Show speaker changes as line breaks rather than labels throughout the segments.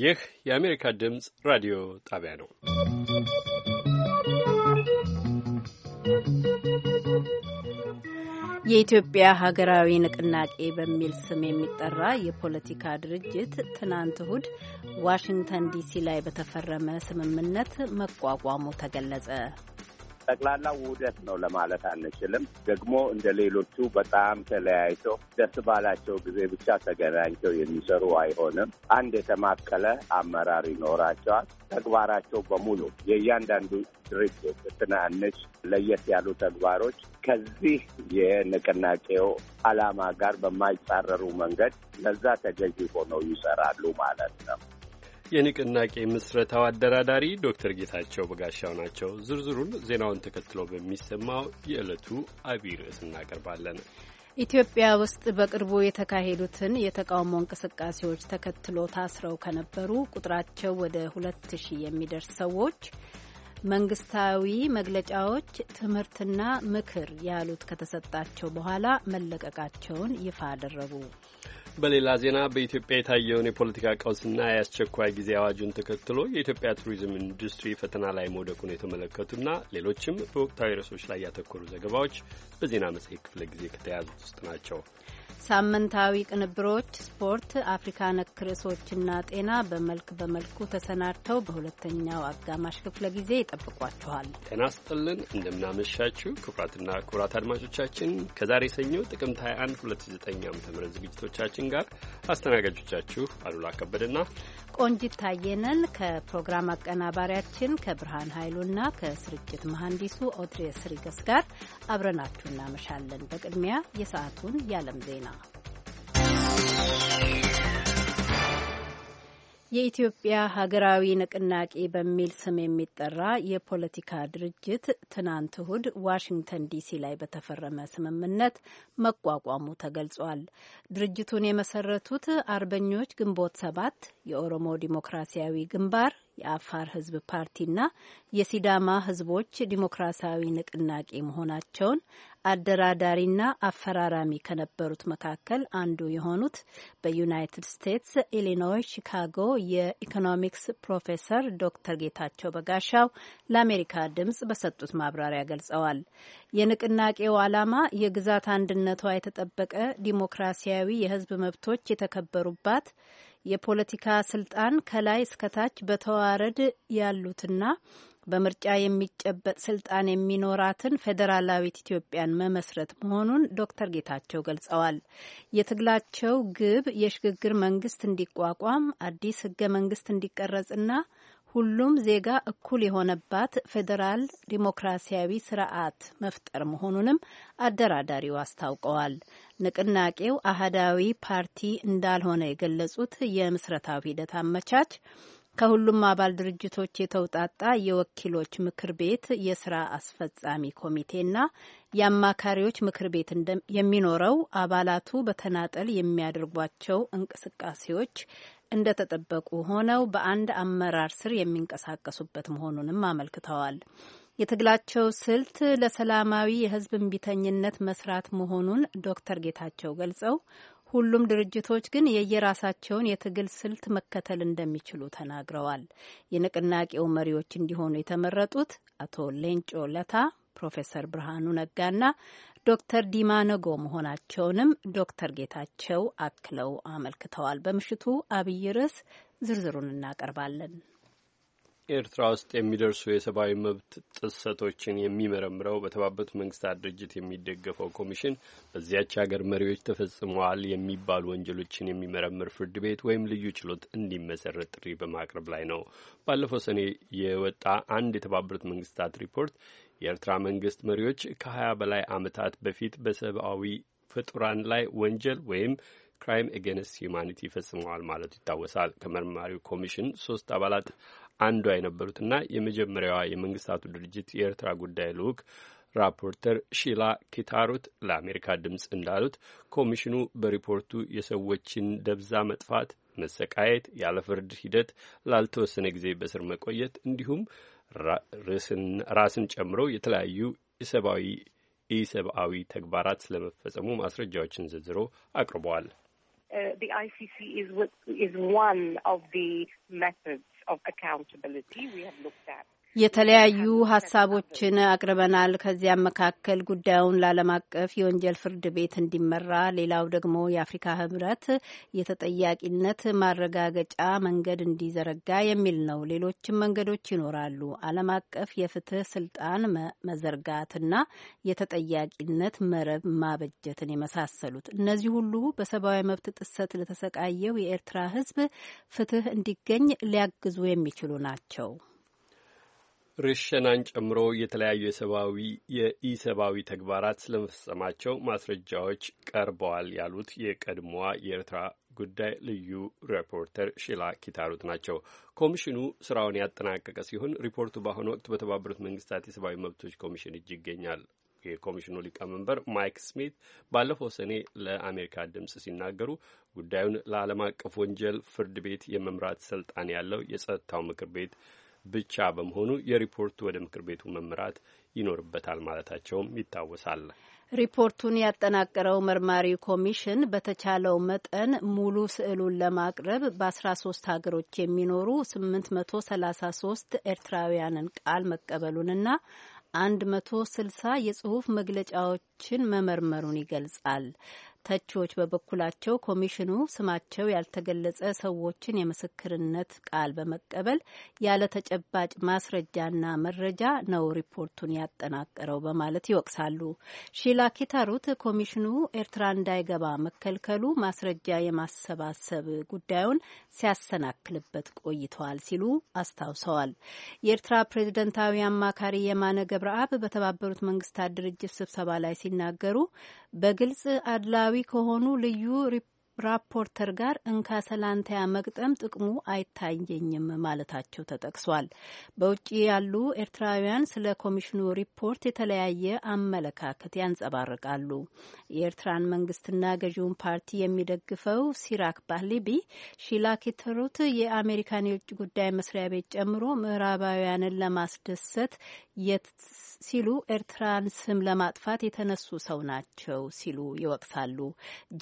ይህ የአሜሪካ ድምፅ ራዲዮ ጣቢያ ነው።
የኢትዮጵያ ሀገራዊ ንቅናቄ በሚል ስም የሚጠራ የፖለቲካ ድርጅት ትናንት እሁድ ዋሽንግተን ዲሲ ላይ በተፈረመ ስምምነት መቋቋሙ ተገለጸ።
ጠቅላላ ውህደት ነው ለማለት አንችልም። ደግሞ እንደ ሌሎቹ በጣም ተለያይተው ደስ ባላቸው ጊዜ ብቻ ተገናኝተው የሚሰሩ አይሆንም። አንድ የተማከለ አመራር ይኖራቸዋል። ተግባራቸው በሙሉ የእያንዳንዱ ድርጅት ትናንሽ ለየት ያሉ ተግባሮች ከዚህ የንቅናቄው ዓላማ ጋር በማይጻረሩ መንገድ ለዛ ተገዢ ሆነው ይሰራሉ ማለት ነው።
የንቅናቄ ምስረታው አደራዳሪ ዶክተር ጌታቸው በጋሻው ናቸው። ዝርዝሩን ዜናውን ተከትሎ በሚሰማው የዕለቱ አቢይ ርዕስ እናቀርባለን።
ኢትዮጵያ ውስጥ በቅርቡ የተካሄዱትን የተቃውሞ እንቅስቃሴዎች ተከትሎ ታስረው ከነበሩ ቁጥራቸው ወደ ሁለት ሺህ የሚደርስ ሰዎች መንግስታዊ መግለጫዎች ትምህርትና ምክር ያሉት ከተሰጣቸው በኋላ መለቀቃቸውን ይፋ አደረጉ።
በሌላ ዜና በኢትዮጵያ የታየውን የፖለቲካ ቀውስና የአስቸኳይ ጊዜ አዋጁን ተከትሎ የኢትዮጵያ ቱሪዝም ኢንዱስትሪ ፈተና ላይ መውደቁን የተመለከቱና ሌሎችም በወቅታዊ ርዕሶች ላይ ያተኮሩ ዘገባዎች በዜና መጽሔት ክፍለ ጊዜ ከተያዙት ውስጥ
ናቸው። ሳምንታዊ ቅንብሮች፣ ስፖርት፣ አፍሪካ ነክ ርዕሶችና ጤና በመልክ በመልኩ ተሰናድተው በሁለተኛው አጋማሽ ክፍለ ጊዜ ይጠብቋችኋል።
ጤና ስጥልን እንደምናመሻችሁ ክቡራትና ክቡራት አድማጮቻችን ከዛሬ ሰኞ ጥቅምት 21 2009 ዓ ም ዝግጅቶቻችን ጋር አስተናጋጆቻችሁ አሉላ ከበደና
ቆንጂት ታየነን ከፕሮግራም አቀናባሪያችን ከብርሃን ኃይሉና ከስርጭት መሐንዲሱ ኦድሬስ ሪገስ ጋር አብረናችሁ እናመሻለን። በቅድሚያ የሰዓቱን የዓለም ዜና የኢትዮጵያ ሀገራዊ ንቅናቄ በሚል ስም የሚጠራ የፖለቲካ ድርጅት ትናንት እሁድ ዋሽንግተን ዲሲ ላይ በተፈረመ ስምምነት መቋቋሙ ተገልጿል። ድርጅቱን የመሰረቱት አርበኞች ግንቦት ሰባት፣ የኦሮሞ ዲሞክራሲያዊ ግንባር፣ የአፋር ህዝብ ፓርቲና የሲዳማ ህዝቦች ዲሞክራሲያዊ ንቅናቄ መሆናቸውን አደራዳሪና አፈራራሚ ከነበሩት መካከል አንዱ የሆኑት በዩናይትድ ስቴትስ ኢሊኖይ ሺካጎ የኢኮኖሚክስ ፕሮፌሰር ዶክተር ጌታቸው በጋሻው ለአሜሪካ ድምጽ በሰጡት ማብራሪያ ገልጸዋል። የንቅናቄው ዓላማ የግዛት አንድነቷ የተጠበቀ ዲሞክራሲያዊ የህዝብ መብቶች የተከበሩባት የፖለቲካ ስልጣን ከላይ እስከታች በተዋረድ ያሉትና በምርጫ የሚጨበጥ ስልጣን የሚኖራትን ፌዴራላዊት ኢትዮጵያን መመስረት መሆኑን ዶክተር ጌታቸው ገልጸዋል። የትግላቸው ግብ የሽግግር መንግስት እንዲቋቋም አዲስ ህገ መንግስት እንዲቀረጽና ሁሉም ዜጋ እኩል የሆነባት ፌዴራል ዲሞክራሲያዊ ስርዓት መፍጠር መሆኑንም አደራዳሪው አስታውቀዋል። ንቅናቄው አህዳዊ ፓርቲ እንዳልሆነ የገለጹት የምስረታው ሂደት አመቻች ከሁሉም አባል ድርጅቶች የተውጣጣ የወኪሎች ምክር ቤት የስራ አስፈጻሚ ኮሚቴና የአማካሪዎች ምክር ቤት የሚኖረው አባላቱ በተናጠል የሚያደርጓቸው እንቅስቃሴዎች እንደተጠበቁ ሆነው በአንድ አመራር ስር የሚንቀሳቀሱበት መሆኑንም አመልክተዋል። የትግላቸው ስልት ለሰላማዊ የህዝብ እንቢተኝነት መስራት መሆኑን ዶክተር ጌታቸው ገልጸው ሁሉም ድርጅቶች ግን የየራሳቸውን የትግል ስልት መከተል እንደሚችሉ ተናግረዋል። የንቅናቄው መሪዎች እንዲሆኑ የተመረጡት አቶ ሌንጮ ለታ፣ ፕሮፌሰር ብርሃኑ ነጋና ዶክተር ዲማ ነጎ መሆናቸውንም ዶክተር ጌታቸው አክለው አመልክተዋል። በምሽቱ አብይ ርዕስ ዝርዝሩን እናቀርባለን።
ኤርትራ ውስጥ የሚደርሱ የሰብአዊ መብት ጥሰቶችን የሚመረምረው በተባበሩት መንግስታት ድርጅት የሚደገፈው ኮሚሽን በዚያች ሀገር መሪዎች ተፈጽመዋል የሚባሉ ወንጀሎችን የሚመረምር ፍርድ ቤት ወይም ልዩ ችሎት እንዲመሰረት ጥሪ በማቅረብ ላይ ነው። ባለፈው ሰኔ የወጣ አንድ የተባበሩት መንግስታት ሪፖርት የኤርትራ መንግስት መሪዎች ከሀያ በላይ ዓመታት በፊት በሰብአዊ ፍጡራን ላይ ወንጀል ወይም ክራይም ኤጌንስት ሂዩማኒቲ ፈጽመዋል ማለቱ ይታወሳል። ከመርማሪው ኮሚሽን ሶስት አባላት አንዷ የነበሩትና የመጀመሪያዋ የመንግስታቱ ድርጅት የኤርትራ ጉዳይ ልዑክ ራፖርተር ሺላ ኪታሩት ለአሜሪካ ድምፅ እንዳሉት ኮሚሽኑ በሪፖርቱ የሰዎችን ደብዛ መጥፋት፣ መሰቃየት፣ ያለ ፍርድ ሂደት ላልተወሰነ ጊዜ በስር መቆየት እንዲሁም ራስን ጨምሮ የተለያዩ ኢሰብአዊ ኢሰብአዊ ተግባራት ስለመፈጸሙ ማስረጃዎችን ዝርዝሮ አቅርበዋል።
uh,
of accountability we have looked at
የተለያዩ ሀሳቦችን አቅርበናል። ከዚያም መካከል ጉዳዩን ለዓለም አቀፍ የወንጀል ፍርድ ቤት እንዲመራ፣ ሌላው ደግሞ የአፍሪካ ህብረት የተጠያቂነት ማረጋገጫ መንገድ እንዲዘረጋ የሚል ነው። ሌሎችም መንገዶች ይኖራሉ። ዓለም አቀፍ የፍትህ ስልጣን መዘርጋትና የተጠያቂነት መረብ ማበጀትን የመሳሰሉት እነዚህ ሁሉ በሰብአዊ መብት ጥሰት ለተሰቃየው የኤርትራ ህዝብ ፍትህ እንዲገኝ ሊያግዙ የሚችሉ ናቸው።
ርሸናን ጨምሮ የተለያዩ የሰብአዊ የኢሰብአዊ ተግባራት ስለመፈጸማቸው ማስረጃዎች ቀርበዋል ያሉት የቀድሞዋ የኤርትራ ጉዳይ ልዩ ሪፖርተር ሺላ ኪታሩት ናቸው። ኮሚሽኑ ስራውን ያጠናቀቀ ሲሆን ሪፖርቱ በአሁኑ ወቅት በተባበሩት መንግስታት የሰብአዊ መብቶች ኮሚሽን እጅ ይገኛል። የኮሚሽኑ ሊቀመንበር ማይክ ስሚት ባለፈው ሰኔ ለአሜሪካ ድምፅ ሲናገሩ ጉዳዩን ለዓለም አቀፍ ወንጀል ፍርድ ቤት የመምራት ስልጣን ያለው የጸጥታው ምክር ቤት ብቻ በመሆኑ የሪፖርቱ ወደ ምክር ቤቱ መምራት ይኖርበታል ማለታቸውም ይታወሳል።
ሪፖርቱን ያጠናቀረው መርማሪ ኮሚሽን በተቻለው መጠን ሙሉ ስዕሉን ለማቅረብ በ13 ሀገሮች የሚኖሩ 833 ኤርትራውያንን ቃል መቀበሉንና 160 የጽሁፍ መግለጫዎችን መመርመሩን ይገልጻል። ተቺዎች በበኩላቸው ኮሚሽኑ ስማቸው ያልተገለጸ ሰዎችን የምስክርነት ቃል በመቀበል ያለ ተጨባጭ ማስረጃና መረጃ ነው ሪፖርቱን ያጠናቀረው በማለት ይወቅሳሉ። ሺላ ኪታሩት ኮሚሽኑ ኤርትራ እንዳይገባ መከልከሉ ማስረጃ የማሰባሰብ ጉዳዩን ሲያሰናክልበት ቆይተዋል ሲሉ አስታውሰዋል። የኤርትራ ፕሬዝደንታዊ አማካሪ የማነ ገብረአብ በተባበሩት መንግስታት ድርጅት ስብሰባ ላይ ሲናገሩ በግልጽ አድላ ኢትዮጵያዊ ከሆኑ ልዩ ራፖርተር ጋር እንካ ሰላንታያ መግጠም ጥቅሙ አይታየኝም ማለታቸው ተጠቅሷል። በውጭ ያሉ ኤርትራውያን ስለ ኮሚሽኑ ሪፖርት የተለያየ አመለካከት ያንጸባርቃሉ። የኤርትራን መንግስትና ገዢውን ፓርቲ የሚደግፈው ሲራክ ባህሊቢ ሺላክ የተሩት የአሜሪካን የውጭ ጉዳይ መስሪያ ቤት ጨምሮ ምዕራባውያንን ለማስደሰት ሲሉ ኤርትራን ስም ለማጥፋት የተነሱ ሰው ናቸው ሲሉ ይወቅሳሉ።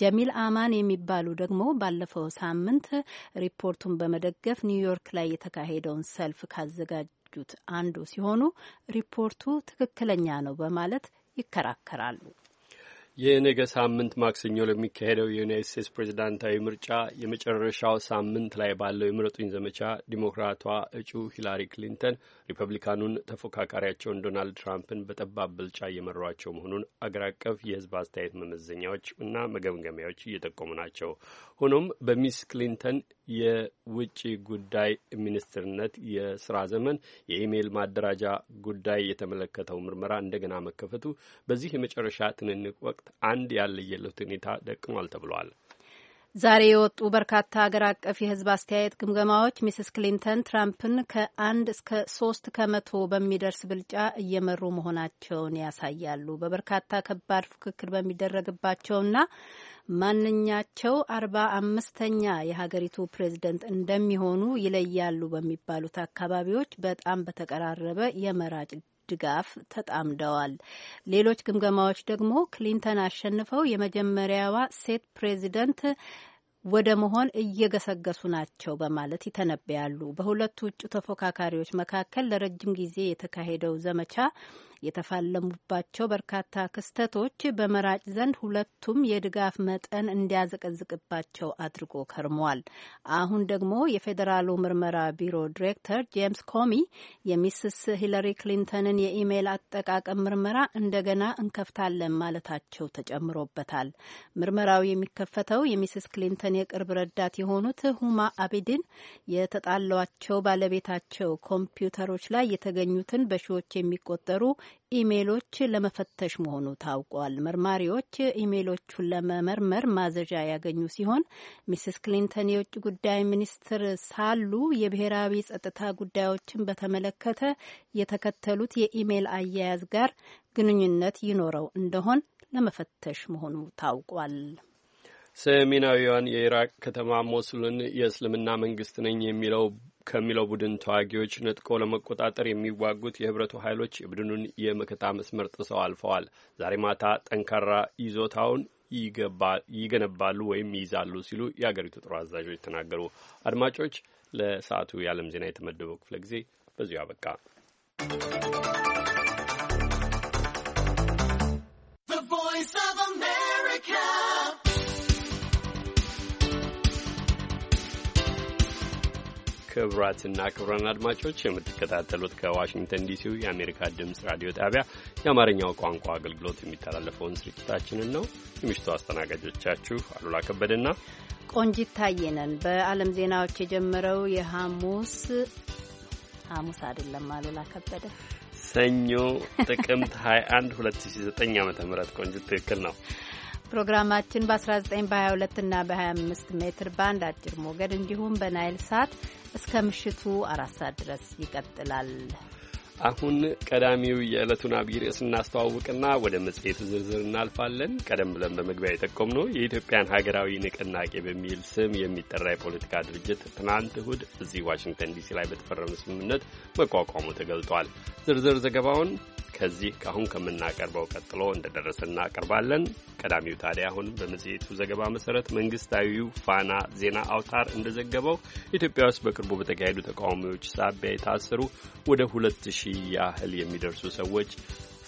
ጀሚል አማን የሚባሉ ደግሞ ባለፈው ሳምንት ሪፖርቱን በመደገፍ ኒውዮርክ ላይ የተካሄደውን ሰልፍ ካዘጋጁት አንዱ ሲሆኑ ሪፖርቱ ትክክለኛ ነው በማለት ይከራከራሉ።
የነገ ሳምንት ማክሰኞ ለሚካሄደው የዩናይት ስቴትስ ፕሬዚዳንታዊ ምርጫ የመጨረሻው ሳምንት ላይ ባለው የምረጡኝ ዘመቻ ዲሞክራቷ እጩ ሂላሪ ክሊንተን ሪፐብሊካኑን ተፎካካሪያቸውን ዶናልድ ትራምፕን በጠባብ ብልጫ እየመሯቸው መሆኑን አገር አቀፍ የሕዝብ አስተያየት መመዘኛዎች እና መገምገሚያዎች እየጠቆሙ ናቸው። ሆኖም በሚስ ክሊንተን የውጭ ጉዳይ ሚኒስትርነት የስራ ዘመን የኢሜይል ማደራጃ ጉዳይ የተመለከተው ምርመራ እንደገና መከፈቱ በዚህ የመጨረሻ ትንንቅ ወቅት አንድ ያለየለት ሁኔታ ደቅኗል ተብሏል።
ዛሬ የወጡ በርካታ ሀገር አቀፍ የሕዝብ አስተያየት ግምገማዎች ሚስስ ክሊንተን ትራምፕን ከአንድ እስከ ሶስት ከመቶ በሚደርስ ብልጫ እየመሩ መሆናቸውን ያሳያሉ። በበርካታ ከባድ ፉክክር በሚደረግባቸውና ማንኛቸው አርባ አምስተኛ የሀገሪቱ ፕሬዝደንት እንደሚሆኑ ይለያሉ በሚባሉት አካባቢዎች በጣም በተቀራረበ የመራጭ ድጋፍ ተጣምደዋል። ሌሎች ግምገማዎች ደግሞ ክሊንተን አሸንፈው የመጀመሪያዋ ሴት ፕሬዚደንት ወደ መሆን እየገሰገሱ ናቸው በማለት ይተነብያሉ። በሁለቱ እጩ ተፎካካሪዎች መካከል ለረጅም ጊዜ የተካሄደው ዘመቻ የተፋለሙባቸው በርካታ ክስተቶች በመራጭ ዘንድ ሁለቱም የድጋፍ መጠን እንዲያዘቀዝቅባቸው አድርጎ ከርሟል። አሁን ደግሞ የፌዴራሉ ምርመራ ቢሮ ዲሬክተር ጄምስ ኮሚ የሚስስ ሂለሪ ክሊንተንን የኢሜይል አጠቃቀም ምርመራ እንደገና እንከፍታለን ማለታቸው ተጨምሮበታል። ምርመራው የሚከፈተው የሚስስ ክሊንተን የቅርብ ረዳት የሆኑት ሁማ አቢድን የተጣሏቸው ባለቤታቸው ኮምፒውተሮች ላይ የተገኙትን በሺዎች የሚቆጠሩ ኢሜሎች ለመፈተሽ መሆኑ ታውቋል። መርማሪዎች ኢሜሎቹን ለመመርመር ማዘዣ ያገኙ ሲሆን ሚስስ ክሊንተን የውጭ ጉዳይ ሚኒስትር ሳሉ የብሔራዊ ጸጥታ ጉዳዮችን በተመለከተ የተከተሉት የኢሜል አያያዝ ጋር ግንኙነት ይኖረው እንደሆን ለመፈተሽ መሆኑ ታውቋል።
ሰሜናዊዋን የኢራቅ ከተማ ሞስሉን የእስልምና መንግስት ነኝ የሚለው ከሚለው ቡድን ተዋጊዎች ነጥቆ ለመቆጣጠር የሚዋጉት የህብረቱ ኃይሎች የቡድኑን የመከታ መስመር ጥሰው አልፈዋል። ዛሬ ማታ ጠንካራ ይዞታውን ይገነባሉ ወይም ይይዛሉ ሲሉ የአገሪቱ ጦር አዛዦች ተናገሩ። አድማጮች፣ ለሰዓቱ የዓለም ዜና የተመደበው ክፍለ ጊዜ በዚሁ አበቃ። ክቡራትና ክቡራን አድማጮች የምትከታተሉት ከዋሽንግተን ዲሲው የአሜሪካ ድምፅ ራዲዮ ጣቢያ የአማርኛው ቋንቋ አገልግሎት የሚተላለፈውን ስርጭታችንን ነው። የምሽቱ አስተናጋጆቻችሁ አሉላ ከበደና
ቆንጂት ታየነን። በዓለም ዜናዎች የጀመረው የሐሙስ ሐሙስ አይደለም አሉላ ከበደ
ሰኞ ጥቅምት 21 2009 ዓ ም ቆንጂት ትክክል ነው።
ፕሮግራማችን በ19 በ22 እና በ25 ሜትር ባንድ አጭር ሞገድ እንዲሁም በናይል ሳት እስከ ምሽቱ አራት ሰዓት ድረስ ይቀጥላል።
አሁን ቀዳሚው የዕለቱን አብይ ርዕስ እናስተዋውቅና ወደ መጽሔቱ ዝርዝር እናልፋለን። ቀደም ብለን በመግቢያ የጠቆም ነው የኢትዮጵያን ሀገራዊ ንቅናቄ በሚል ስም የሚጠራ የፖለቲካ ድርጅት ትናንት እሁድ እዚህ ዋሽንግተን ዲሲ ላይ በተፈረመ ስምምነት መቋቋሙ ተገልጧል። ዝርዝር ዘገባውን ከዚህ ከአሁን ከምናቀርበው ቀጥሎ እንደደረሰ እናቀርባለን። ቀዳሚው ታዲያ አሁን በመጽሔቱ ዘገባ መሰረት መንግስታዊው ፋና ዜና አውታር እንደዘገበው ኢትዮጵያ ውስጥ በቅርቡ በተካሄዱ ተቃዋሚዎች ሳቢያ የታሰሩ ወደ ሁለት ሺ ሺህ ያህል የሚደርሱ ሰዎች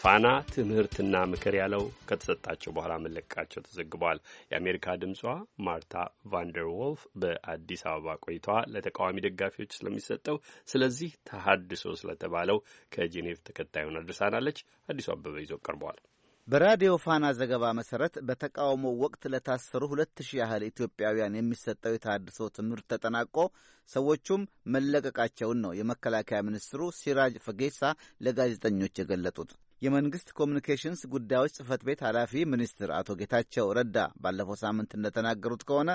ፋና ትምህርትና ምክር ያለው ከተሰጣቸው በኋላ መለቀቃቸው ተዘግቧል። የአሜሪካ ድምጿ ማርታ ቫንደር ዎልፍ በአዲስ አበባ ቆይታዋ ለተቃዋሚ ደጋፊዎች ስለሚሰጠው ስለዚህ ተሀድሶ ስለተባለው ከጄኔቭ ተከታዩን አድርሳናለች። አዲሱ አበበ ይዞ ቀርቧል።
በራዲዮ ፋና ዘገባ መሠረት በተቃውሞ ወቅት ለታሰሩ ሁለት ሺህ ያህል ኢትዮጵያውያን የሚሰጠው የታድሶ ትምህርት ተጠናቆ ሰዎቹም መለቀቃቸውን ነው የመከላከያ ሚኒስትሩ ሲራጅ ፈጌሳ ለጋዜጠኞች የገለጡት። የመንግስት ኮሚኒኬሽንስ ጉዳዮች ጽህፈት ቤት ኃላፊ ሚኒስትር አቶ ጌታቸው ረዳ ባለፈው ሳምንት እንደተናገሩት ከሆነ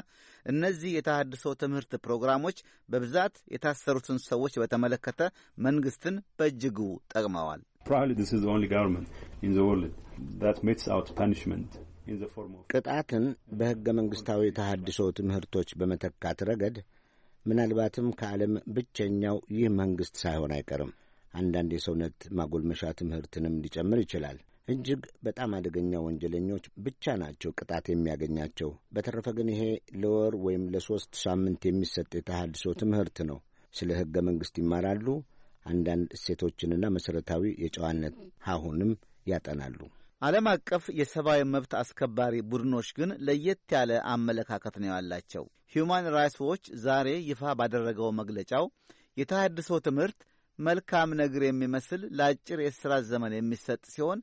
እነዚህ የታድሶ ትምህርት ፕሮግራሞች በብዛት የታሰሩትን ሰዎች በተመለከተ መንግስትን በእጅጉ ጠቅመዋል። ቅጣትን
በሕገ መንግሥታዊ ተሃድሶ ትምህርቶች በመተካት ረገድ ምናልባትም ከዓለም ብቸኛው ይህ መንግሥት ሳይሆን አይቀርም። አንዳንድ የሰውነት ማጎልመሻ ትምህርትንም ሊጨምር ይችላል። እጅግ በጣም አደገኛ ወንጀለኞች ብቻ ናቸው ቅጣት የሚያገኛቸው። በተረፈ ግን ይሄ ለወር ወይም ለሦስት ሳምንት የሚሰጥ የተሃድሶ ትምህርት ነው። ስለ ሕገ መንግሥት ይማራሉ። አንዳንድ እሴቶችንና መሠረታዊ የጨዋነት ሀሁንም ያጠናሉ።
ዓለም አቀፍ የሰብአዊ መብት አስከባሪ ቡድኖች ግን ለየት ያለ አመለካከት ነው ያላቸው። ሂዩማን ራይትስ ዎች ዛሬ ይፋ ባደረገው መግለጫው የተሃድሶ ትምህርት መልካም ነገር የሚመስል ለአጭር የሥራት ዘመን የሚሰጥ ሲሆን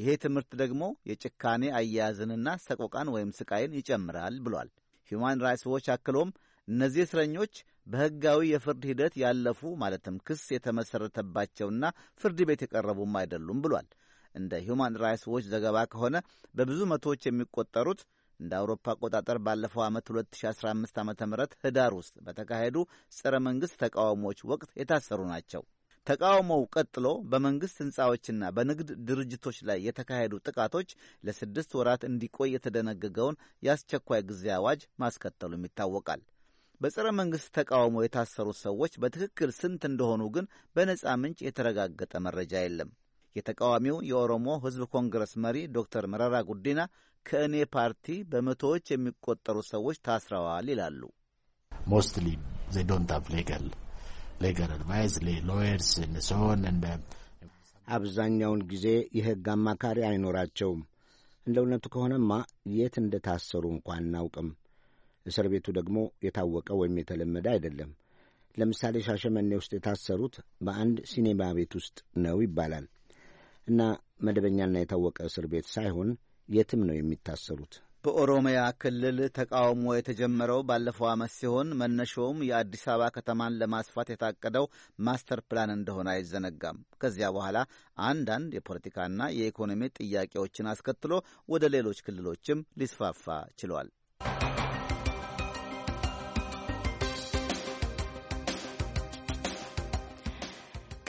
ይሄ ትምህርት ደግሞ የጭካኔ አያያዝንና ሰቆቃን ወይም ስቃይን ይጨምራል ብሏል። ሂዩማን ራይትስ ዎች አክሎም እነዚህ እስረኞች በሕጋዊ የፍርድ ሂደት ያለፉ ማለትም ክስ የተመሠረተባቸውና ፍርድ ቤት የቀረቡም አይደሉም ብሏል። እንደ ሁማን ራይትስ ዎች ዘገባ ከሆነ በብዙ መቶዎች የሚቆጠሩት እንደ አውሮፓ አቆጣጠር ባለፈው ዓመት 2015 ዓ ም ህዳር ውስጥ በተካሄዱ ጸረ መንግሥት ተቃውሞዎች ወቅት የታሰሩ ናቸው። ተቃውሞው ቀጥሎ በመንግሥት ሕንፃዎችና በንግድ ድርጅቶች ላይ የተካሄዱ ጥቃቶች ለስድስት ወራት እንዲቆይ የተደነገገውን የአስቸኳይ ጊዜ አዋጅ ማስከተሉም ይታወቃል። በጸረ መንግሥት ተቃውሞ የታሰሩት ሰዎች በትክክል ስንት እንደሆኑ ግን በነጻ ምንጭ የተረጋገጠ መረጃ የለም። የተቃዋሚው የኦሮሞ ሕዝብ ኮንግረስ መሪ ዶክተር መረራ ጉዲና ከእኔ ፓርቲ በመቶዎች የሚቆጠሩ ሰዎች ታስረዋል ይላሉ። ሞስትሊ ዜ ዶንት ሃቭ ሌጋል
ሌጋል አድቫይስ ሎየርስ
አብዛኛውን
ጊዜ የሕግ አማካሪ አይኖራቸውም። እንደ እውነቱ ከሆነማ የት እንደ ታሰሩ እንኳ አናውቅም። እስር ቤቱ ደግሞ የታወቀ ወይም የተለመደ አይደለም። ለምሳሌ ሻሸመኔ ውስጥ የታሰሩት በአንድ ሲኔማ ቤት ውስጥ ነው ይባላል። እና መደበኛና የታወቀ እስር ቤት ሳይሆን የትም ነው የሚታሰሩት።
በኦሮሚያ ክልል ተቃውሞ የተጀመረው ባለፈው ዓመት ሲሆን መነሾውም የአዲስ አበባ ከተማን ለማስፋት የታቀደው ማስተር ፕላን እንደሆነ አይዘነጋም። ከዚያ በኋላ አንዳንድ የፖለቲካና የኢኮኖሚ ጥያቄዎችን አስከትሎ ወደ ሌሎች ክልሎችም ሊስፋፋ ችሏል።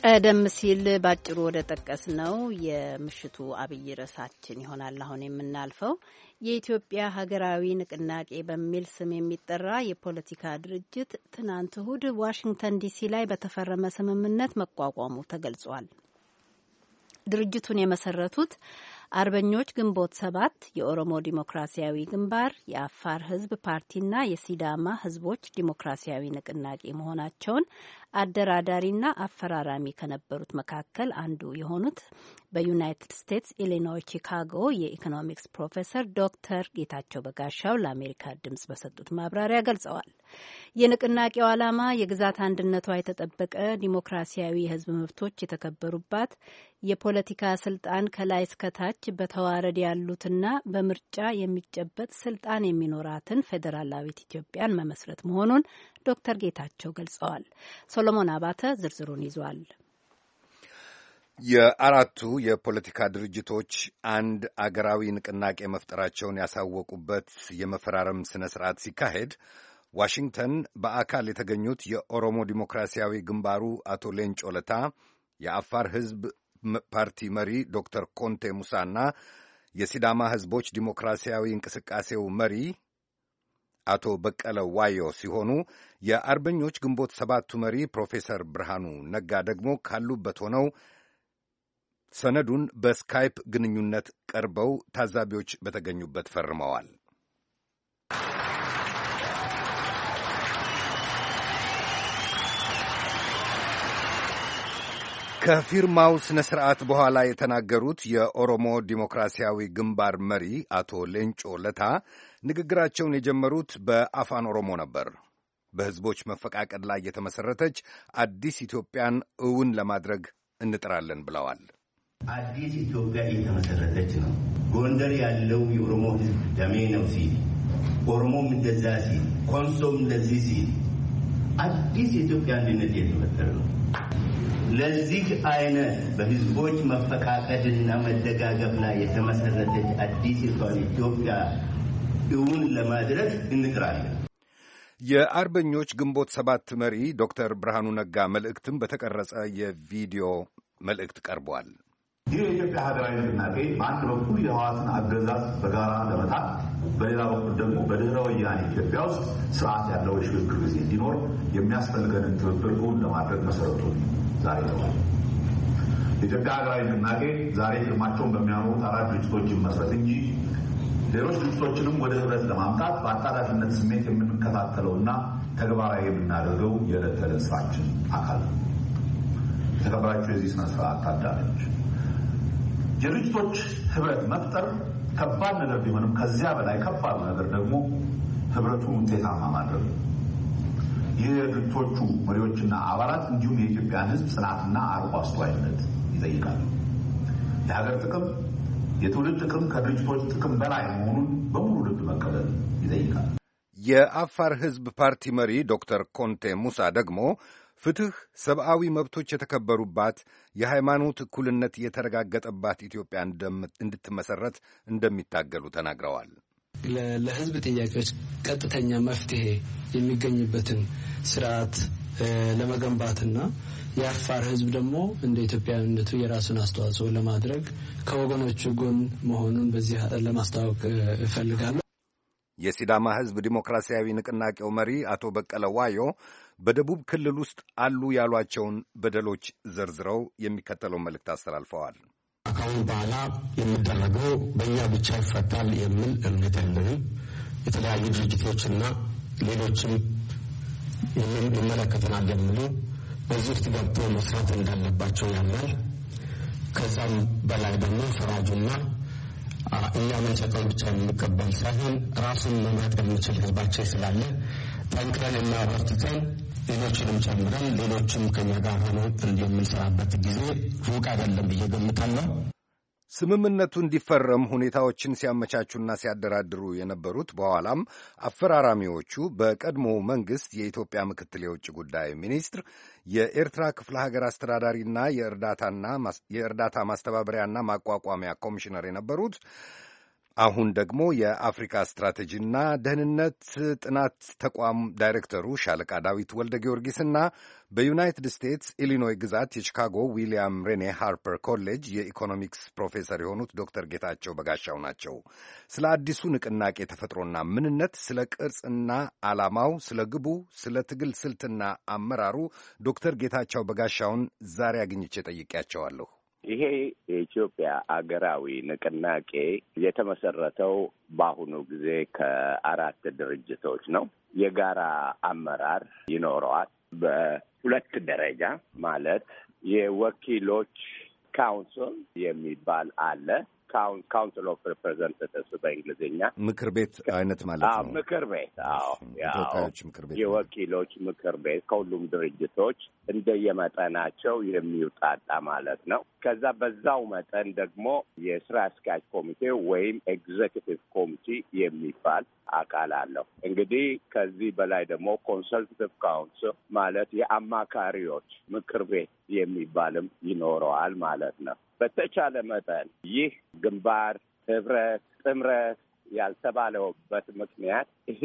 ቀደም ሲል ባጭሩ ወደ ጠቀስ ነው የምሽቱ አብይ ርዕሳችን ይሆናል። አሁን የምናልፈው የኢትዮጵያ ሀገራዊ ንቅናቄ በሚል ስም የሚጠራ የፖለቲካ ድርጅት ትናንት እሁድ ዋሽንግተን ዲሲ ላይ በተፈረመ ስምምነት መቋቋሙ ተገልጿል። ድርጅቱን የመሰረቱት አርበኞች ግንቦት ሰባት፣ የኦሮሞ ዲሞክራሲያዊ ግንባር፣ የአፋር ህዝብ፣ ፓርቲና የሲዳማ ህዝቦች ዲሞክራሲያዊ ንቅናቄ መሆናቸውን አደራዳሪና አፈራራሚ ከነበሩት መካከል አንዱ የሆኑት በዩናይትድ ስቴትስ ኢሊኖይ ቺካጎ የኢኮኖሚክስ ፕሮፌሰር ዶክተር ጌታቸው በጋሻው ለአሜሪካ ድምጽ በሰጡት ማብራሪያ ገልጸዋል። የንቅናቄው ዓላማ የግዛት አንድነቷ የተጠበቀ ዲሞክራሲያዊ የሕዝብ መብቶች የተከበሩባት የፖለቲካ ስልጣን ከላይ እስከታች በተዋረድ ያሉትና በምርጫ የሚጨበጥ ስልጣን የሚኖራትን ፌዴራላዊት ኢትዮጵያን መመስረት መሆኑን ዶክተር ጌታቸው ገልጸዋል። ሶሎሞን አባተ ዝርዝሩን ይዟል።
የአራቱ የፖለቲካ ድርጅቶች አንድ አገራዊ ንቅናቄ መፍጠራቸውን ያሳወቁበት የመፈራረም ሥነ ሥርዓት ሲካሄድ ዋሽንግተን በአካል የተገኙት የኦሮሞ ዲሞክራሲያዊ ግንባሩ አቶ ሌንጮ ለታ፣ የአፋር ሕዝብ ፓርቲ መሪ ዶክተር ኮንቴ ሙሳና የሲዳማ ሕዝቦች ዲሞክራሲያዊ እንቅስቃሴው መሪ አቶ በቀለ ዋዮ ሲሆኑ የአርበኞች ግንቦት ሰባቱ መሪ ፕሮፌሰር ብርሃኑ ነጋ ደግሞ ካሉበት ሆነው ሰነዱን በስካይፕ ግንኙነት ቀርበው ታዛቢዎች በተገኙበት ፈርመዋል። ከፊርማው ስነ ስርዓት በኋላ የተናገሩት የኦሮሞ ዲሞክራሲያዊ ግንባር መሪ አቶ ሌንጮ ለታ ንግግራቸውን የጀመሩት በአፋን ኦሮሞ ነበር። በሕዝቦች መፈቃቀድ ላይ የተመሠረተች አዲስ ኢትዮጵያን እውን ለማድረግ እንጥራለን ብለዋል።
አዲስ ኢትዮጵያ እየተመሠረተች ነው። ጎንደር ያለው የኦሮሞ ሕዝብ ደሜ ነው ሲል ኦሮሞም እንደዛ ሲል ኮንሶም እንደዚህ ሲል
አዲስ የኢትዮጵያ
አንድነት የተፈጠረ ነው። ለዚህ አይነት በህዝቦች መፈቃቀድና መደጋገፍ ላይ የተመሰረተች አዲስ ኢትዮጵያ
እውን ለማድረግ እንጥራለን።
የአርበኞች ግንቦት ሰባት መሪ ዶክተር ብርሃኑ ነጋ መልእክትም በተቀረጸ የቪዲዮ መልእክት ቀርቧል። ይህ
የኢትዮጵያ ሀገራዊ ንቅናቄ በአንድ በኩል የህዋትን አገዛዝ በጋራ ለመታት፣ በሌላ በኩል ደግሞ በድህረ ወያኔ ኢትዮጵያ ውስጥ ስርዓት ያለው የሽግግር ጊዜ እንዲኖር የሚያስፈልገንን
ትብብር እውን ለማድረግ መሰረቱ ዛሬ ተዋል። የኢትዮጵያ ሀገራዊ ንቅናቄ
ዛሬ ፊርማቸውን በሚያኖሩት አራት ድርጅቶች መስረት እንጂ ሌሎች ግጭቶችንም ወደ ህብረት ለማምጣት በአጣዳፊነት ስሜት የምንከታተለውና ተግባራዊ የምናደርገው የዕለት ተዕለት ስራችን አካል ነው። የተከበራችሁ የዚህ ስነ ስርዓት ታዳሚዎች፣ ህብረት መፍጠር ከባድ ነገር ቢሆንም ከዚያ በላይ ከባድ ነገር
ደግሞ ህብረቱን ውጤታማ ማድረግ ነው። የድርጅቶቹ መሪዎችና አባላት እንዲሁም የኢትዮጵያን ህዝብ ጽናትና አርቆ አስተዋይነት ይጠይቃል።
የሀገር ጥቅም የትውልድ ጥቅም ከድርጅቶች ጥቅም በላይ መሆኑን በሙሉ ልብ መቀበል ይጠይቃል።
የአፋር ሕዝብ ፓርቲ መሪ ዶክተር ኮንቴ ሙሳ ደግሞ ፍትሕ፣ ሰብአዊ መብቶች የተከበሩባት፣ የሃይማኖት እኩልነት የተረጋገጠባት ኢትዮጵያ እንድትመሰረት እንደሚታገሉ ተናግረዋል።
ለሕዝብ ጥያቄዎች ቀጥተኛ መፍትሄ የሚገኝበትን ስርዓት ለመገንባትና የአፋር ህዝብ ደግሞ እንደ ኢትዮጵያዊነቱ የራሱን አስተዋጽኦ ለማድረግ
ከወገኖቹ ጎን መሆኑን በዚህ ለማስታወቅ እፈልጋለሁ። የሲዳማ ህዝብ ዲሞክራሲያዊ ንቅናቄው መሪ አቶ በቀለ ዋዮ በደቡብ ክልል ውስጥ አሉ ያሏቸውን በደሎች ዘርዝረው የሚከተለው መልእክት አስተላልፈዋል።
ከአሁን በኋላ የሚደረገው በእኛ ብቻ ይፈታል የሚል እምነት የለንም። የተለያዩ ድርጅቶችና ሌሎችም ይመለከተናል የሚሉ በዚህ ውስጥ ገብቶ መስራት እንዳለባቸው ያምናል። ከዛም በላይ ደግሞ ፈራጁና እኛ ምንሰጠውን ብቻ የምንቀበል ሳይሆን ራሱን መምረጥ የሚችል ህዝባችን ስላለ ጠንክረን እና በርትተን ሌሎችንም ጨምረን ሌሎችም ከኛ ጋር ሆነው እንደምንሰራበት ጊዜ ሩቅ አይደለም ብዬ ገምታለሁ።
ስምምነቱ እንዲፈረም ሁኔታዎችን ሲያመቻቹና ሲያደራድሩ የነበሩት በኋላም አፈራራሚዎቹ በቀድሞ መንግሥት የኢትዮጵያ ምክትል የውጭ ጉዳይ ሚኒስትር የኤርትራ ክፍለ ሀገር አስተዳዳሪና የእርዳታና የእርዳታ ማስተባበሪያና ማቋቋሚያ ኮሚሽነር የነበሩት አሁን ደግሞ የአፍሪካ ስትራቴጂና ደህንነት ጥናት ተቋም ዳይሬክተሩ ሻለቃ ዳዊት ወልደ ጊዮርጊስና በዩናይትድ ስቴትስ ኢሊኖይ ግዛት የቺካጎ ዊልያም ሬኔ ሃርፐር ኮሌጅ የኢኮኖሚክስ ፕሮፌሰር የሆኑት ዶክተር ጌታቸው በጋሻው ናቸው። ስለ አዲሱ ንቅናቄ ተፈጥሮና ምንነት፣ ስለ ቅርጽና ዓላማው፣ ስለ ግቡ፣ ስለ ትግል ስልትና አመራሩ ዶክተር ጌታቸው በጋሻውን ዛሬ አግኝቼ ጠይቄያቸዋለሁ።
ይሄ የኢትዮጵያ አገራዊ ንቅናቄ የተመሰረተው በአሁኑ ጊዜ ከአራት ድርጅቶች ነው። የጋራ አመራር ይኖረዋል። በሁለት ደረጃ ማለት የወኪሎች ካውንስል የሚባል አለ። ካውንስል ኦፍ ሪፕሬዘንታቲቭስ በእንግሊዝኛ
ምክር ቤት አይነት ማለት ነው።
ምክር ቤት ምክር ቤት የወኪሎች ምክር ቤት ከሁሉም ድርጅቶች እንደየመጠናቸው የሚውጣጣ ማለት ነው። ከዛ በዛው መጠን ደግሞ የስራ አስኪያጅ ኮሚቴ ወይም ኤግዜኪቲቭ ኮሚቲ የሚባል አካል አለው። እንግዲህ ከዚህ በላይ ደግሞ ኮንሰልቲቭ ካውንስል ማለት የአማካሪዎች ምክር ቤት የሚባልም ይኖረዋል ማለት ነው። በተቻለ መጠን ይህ ግንባር፣ ህብረት፣ ጥምረት ያልተባለበት ምክንያት ይሄ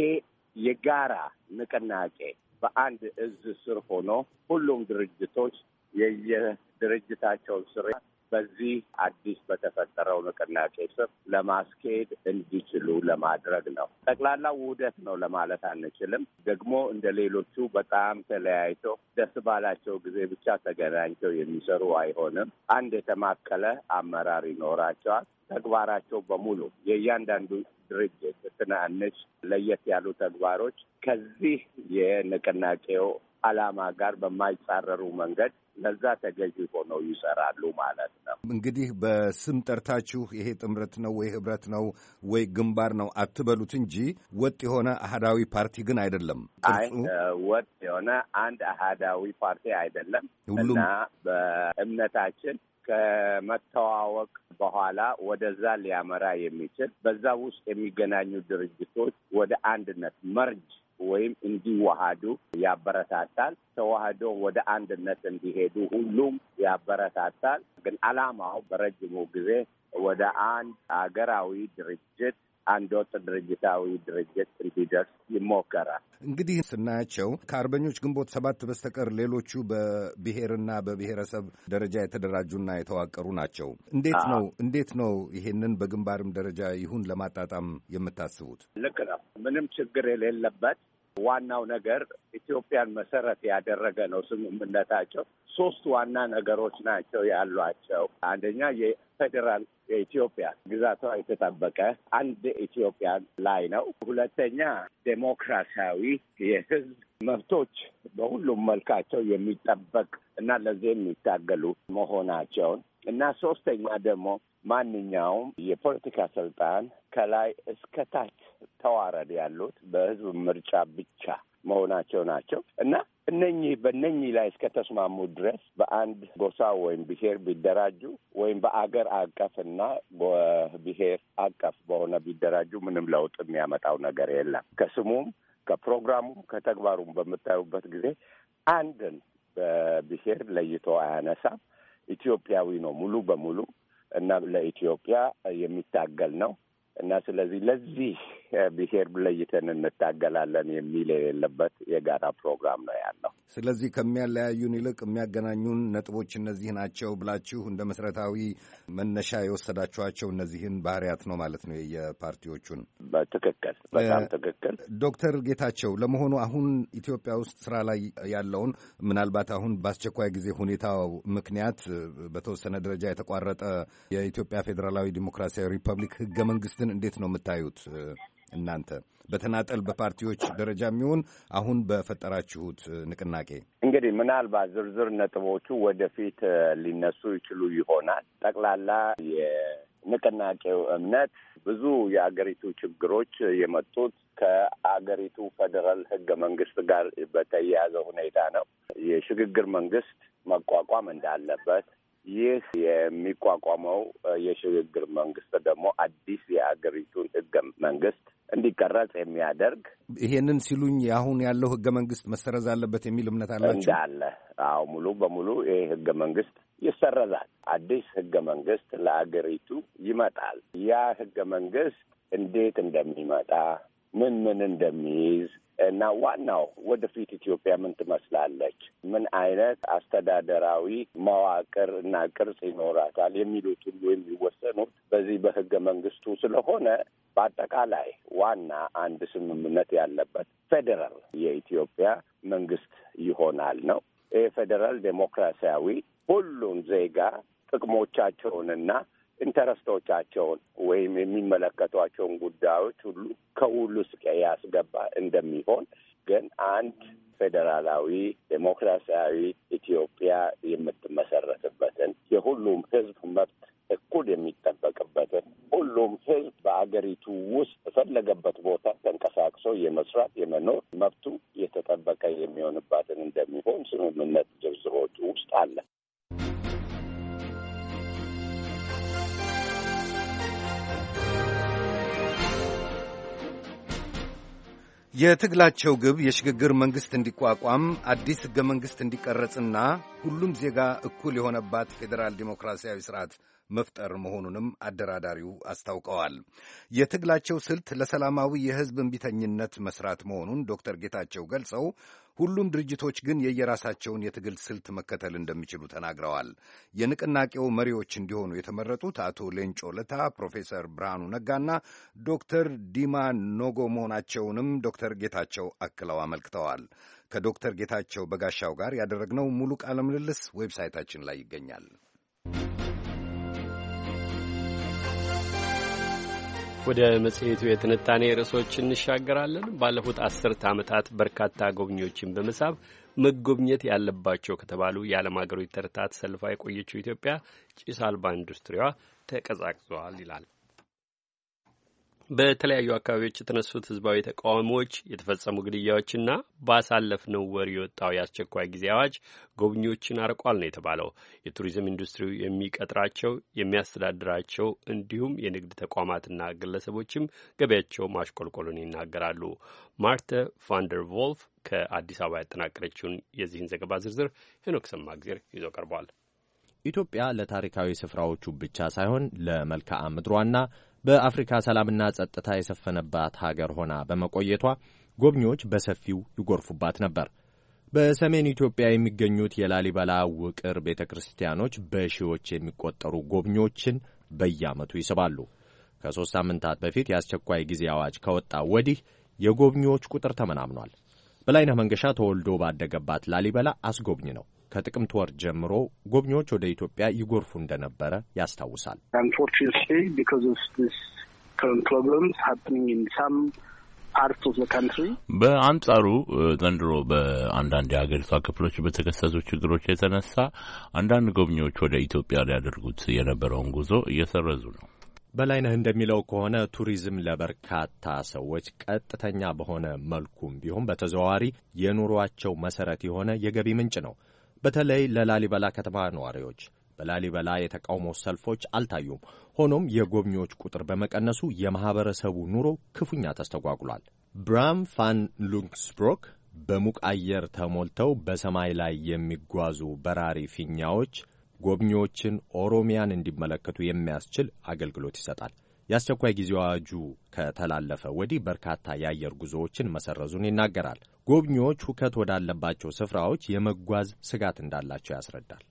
የጋራ ንቅናቄ በአንድ እዝ ስር ሆኖ ሁሉም ድርጅቶች የየድርጅታቸው ስር በዚህ አዲስ በተፈጠረው ንቅናቄ ስር ለማስኬድ እንዲችሉ ለማድረግ ነው። ጠቅላላው ውህደት ነው ለማለት አንችልም። ደግሞ እንደ ሌሎቹ በጣም ተለያይቶ ደስ ባላቸው ጊዜ ብቻ ተገናኝተው የሚሰሩ አይሆንም። አንድ የተማከለ አመራር ይኖራቸዋል። ተግባራቸው በሙሉ የእያንዳንዱ ድርጅት ትናንሽ ለየት ያሉ ተግባሮች ከዚህ የንቅናቄው ዓላማ ጋር በማይጻረሩ መንገድ ለዛ ተገዥ ሆነው ይሰራሉ ማለት
ነው። እንግዲህ በስም ጠርታችሁ ይሄ ጥምረት ነው ወይ ህብረት ነው ወይ ግንባር ነው አትበሉት እንጂ ወጥ የሆነ አህዳዊ ፓርቲ ግን አይደለም።
ወጥ የሆነ አንድ አህዳዊ ፓርቲ አይደለም እና በእምነታችን ከመተዋወቅ በኋላ ወደዛ ሊያመራ የሚችል በዛ ውስጥ የሚገናኙ ድርጅቶች ወደ አንድነት መርጅ ወይም እንዲዋሃዱ ያበረታታል። ተዋህዶ ወደ አንድነት እንዲሄዱ ሁሉም ያበረታታል። ግን አላማው በረጅሙ ጊዜ ወደ አንድ አገራዊ ድርጅት አንድ ወጥ ድርጅታዊ
ድርጅት እንዲደርስ ይሞከራል። እንግዲህ ስናያቸው ከአርበኞች ግንቦት ሰባት በስተቀር ሌሎቹ በብሔርና በብሔረሰብ ደረጃ የተደራጁና የተዋቀሩ ናቸው። እንዴት ነው እንዴት ነው ይሄንን በግንባርም ደረጃ ይሁን ለማጣጣም የምታስቡት?
ልክ
ነው። ምንም ችግር የሌለበት ዋናው ነገር ኢትዮጵያን መሰረት ያደረገ ነው ስምምነታቸው። ሶስት ዋና ነገሮች ናቸው ያሏቸው። አንደኛ የፌዴራል የኢትዮጵያ ግዛቷ የተጠበቀ አንድ ኢትዮጵያን ላይ ነው። ሁለተኛ ዴሞክራሲያዊ የህዝብ መብቶች በሁሉም መልካቸው የሚጠበቅ እና ለዚህ የሚታገሉ መሆናቸውን እና ሶስተኛ ደግሞ ማንኛውም የፖለቲካ ስልጣን ከላይ እስከ ታች ተዋረድ ያሉት በህዝብ ምርጫ ብቻ መሆናቸው ናቸው እና እነኚህ በእነኚህ ላይ እስከተስማሙ ድረስ በአንድ ጎሳ ወይም ብሔር ቢደራጁ ወይም በአገር አቀፍ እና ብሔር አቀፍ በሆነ ቢደራጁ ምንም ለውጥ የሚያመጣው ነገር የለም። ከስሙም ከፕሮግራሙም ከተግባሩም በምታዩበት ጊዜ አንድን ብሔር ለይቶ አያነሳም። ኢትዮጵያዊ ነው ሙሉ በሙሉ እና ለኢትዮጵያ የሚታገል ነው። እና ስለዚህ ለዚህ ብሔር ለይተን እንታገላለን የሚል የሌለበት የጋራ ፕሮግራም ነው ያለው።
ስለዚህ ከሚያለያዩን ይልቅ የሚያገናኙን ነጥቦች እነዚህ ናቸው ብላችሁ እንደ መሰረታዊ መነሻ የወሰዳችኋቸው እነዚህን ባህሪያት ነው ማለት ነው የፓርቲዎቹን። በትክክል በጣም ትክክል። ዶክተር ጌታቸው ለመሆኑ አሁን ኢትዮጵያ ውስጥ ስራ ላይ ያለውን ምናልባት አሁን በአስቸኳይ ጊዜ ሁኔታው ምክንያት በተወሰነ ደረጃ የተቋረጠ የኢትዮጵያ ፌዴራላዊ ዲሞክራሲያዊ ሪፐብሊክ ህገ መንግስት ሂደትን እንዴት ነው የምታዩት እናንተ በተናጠል በፓርቲዎች ደረጃ የሚሆን አሁን በፈጠራችሁት ንቅናቄ?
እንግዲህ ምናልባት ዝርዝር ነጥቦቹ ወደፊት ሊነሱ ይችሉ ይሆናል። ጠቅላላ የንቅናቄው እምነት ብዙ የአገሪቱ ችግሮች የመጡት ከአገሪቱ ፌዴራል ህገ መንግስት ጋር በተያያዘ ሁኔታ ነው። የሽግግር መንግስት መቋቋም እንዳለበት ይህ የሚቋቋመው የሽግግር መንግስት ደግሞ አዲስ የአገሪቱን ህገ መንግስት እንዲቀረጽ
የሚያደርግ ይሄንን ሲሉኝ አሁን ያለው ህገ መንግስት መሰረዝ አለበት የሚል እምነት አላቸው እንዳለ።
አዎ ሙሉ በሙሉ ይህ ህገ መንግስት ይሰረዛል። አዲስ ህገ መንግስት ለአገሪቱ ይመጣል። ያ ህገ መንግስት እንዴት እንደሚመጣ ምን ምን እንደሚይዝ እና ዋናው ወደፊት ኢትዮጵያ ምን ትመስላለች፣ ምን አይነት አስተዳደራዊ መዋቅር እና ቅርጽ ይኖራታል የሚሉት ሁሉ የሚወሰኑት በዚህ በህገ መንግስቱ ስለሆነ በአጠቃላይ ዋና አንድ ስምምነት ያለበት ፌዴራል የኢትዮጵያ መንግስት ይሆናል ነው። ይህ ፌዴራል ዴሞክራሲያዊ ሁሉም ዜጋ ጥቅሞቻቸውንና ኢንተረስቶቻቸውን ወይም የሚመለከቷቸውን ጉዳዮች ሁሉ ከሁሉ ስቀ ያስገባ እንደሚሆን ግን አንድ ፌዴራላዊ ዴሞክራሲያዊ ኢትዮጵያ የምትመሰረትበትን የሁሉም ሕዝብ መብት እኩል የሚጠበቅበትን ሁሉም ሕዝብ በአገሪቱ ውስጥ በፈለገበት ቦታ ተንቀሳቅሶ የመስራት የመኖር መብቱ የተጠበቀ የሚሆንባትን እንደሚሆን ስምምነት ዝርዝሮች ውስጥ አለ።
የትግላቸው ግብ የሽግግር መንግሥት እንዲቋቋም አዲስ ሕገ መንግሥት እንዲቀረጽና ሁሉም ዜጋ እኩል የሆነባት ፌዴራል ዲሞክራሲያዊ ሥርዓት መፍጠር መሆኑንም አደራዳሪው አስታውቀዋል። የትግላቸው ስልት ለሰላማዊ የህዝብ እምቢተኝነት መስራት መሆኑን ዶክተር ጌታቸው ገልጸው ሁሉም ድርጅቶች ግን የየራሳቸውን የትግል ስልት መከተል እንደሚችሉ ተናግረዋል። የንቅናቄው መሪዎች እንዲሆኑ የተመረጡት አቶ ሌንጮ ለታ፣ ፕሮፌሰር ብርሃኑ ነጋና ዶክተር ዲማ ኖጎ መሆናቸውንም ዶክተር ጌታቸው አክለው አመልክተዋል። ከዶክተር ጌታቸው በጋሻው ጋር
ያደረግነው ሙሉ ቃለ ምልልስ ዌብሳይታችን ላይ ይገኛል። ወደ መጽሔቱ የትንታኔ ርዕሶች እንሻገራለን። ባለፉት አስርት ዓመታት በርካታ ጎብኚዎችን በመሳብ መጎብኘት ያለባቸው ከተባሉ የዓለም ሀገሮች ተርታ ተሰልፋ የቆየችው ኢትዮጵያ ጭስ አልባ ኢንዱስትሪዋ ተቀዛቅዘዋል ይላል በተለያዩ አካባቢዎች የተነሱት ህዝባዊ ተቃውሞዎች፣ የተፈጸሙ ግድያዎችና ባሳለፍነው ወር የወጣው የአስቸኳይ ጊዜ አዋጅ ጎብኚዎችን አርቋል ነው የተባለው። የቱሪዝም ኢንዱስትሪው የሚቀጥራቸው የሚያስተዳድራቸው፣ እንዲሁም የንግድ ተቋማትና ግለሰቦችም ገበያቸው ማሽቆልቆሉን ይናገራሉ። ማርተ ቫንደር ቮልፍ ከአዲስ አበባ ያጠናቀረችውን የዚህን ዘገባ ዝርዝር ሄኖክ ሰማግዜር ይዞ ቀርቧል።
ኢትዮጵያ ለታሪካዊ ስፍራዎቹ ብቻ ሳይሆን ለመልክዓ ምድሯና በአፍሪካ ሰላምና ጸጥታ የሰፈነባት ሀገር ሆና በመቆየቷ ጎብኚዎች በሰፊው ይጎርፉባት ነበር። በሰሜን ኢትዮጵያ የሚገኙት የላሊበላ ውቅር ቤተ ክርስቲያኖች በሺዎች የሚቆጠሩ ጎብኚዎችን በየዓመቱ ይስባሉ። ከሦስት ሳምንታት በፊት የአስቸኳይ ጊዜ አዋጅ ከወጣ ወዲህ የጎብኚዎች ቁጥር ተመናምኗል። በላይነህ መንገሻ ተወልዶ ባደገባት ላሊበላ አስጎብኝ ነው። ከጥቅምት ወር ጀምሮ ጎብኚዎች ወደ ኢትዮጵያ ይጎርፉ እንደነበረ ያስታውሳል።
በአንጻሩ ዘንድሮ በአንዳንድ የሀገሪቷ ክፍሎች በተከሰቱ ችግሮች የተነሳ አንዳንድ ጎብኚዎች ወደ ኢትዮጵያ ሊያደርጉት የነበረውን ጉዞ እየሰረዙ ነው።
በላይነህ እንደሚለው ከሆነ ቱሪዝም ለበርካታ ሰዎች ቀጥተኛ በሆነ መልኩም ቢሆን በተዘዋዋሪ የኑሯቸው መሰረት የሆነ የገቢ ምንጭ ነው። በተለይ ለላሊበላ ከተማ ነዋሪዎች። በላሊበላ የተቃውሞ ሰልፎች አልታዩም። ሆኖም የጎብኚዎች ቁጥር በመቀነሱ የማኅበረሰቡ ኑሮ ክፉኛ ተስተጓጉሏል። ብራም ፋን ሉንግስብሮክ በሙቅ አየር ተሞልተው በሰማይ ላይ የሚጓዙ በራሪ ፊኛዎች ጎብኚዎችን ኦሮሚያን እንዲመለከቱ የሚያስችል አገልግሎት ይሰጣል። የአስቸኳይ ጊዜ አዋጁ ከተላለፈ ወዲህ በርካታ የአየር ጉዞዎችን መሰረዙን ይናገራል። ጎብኚዎች ሁከት ወዳለባቸው ስፍራዎች የመጓዝ ስጋት እንዳላቸው ያስረዳል።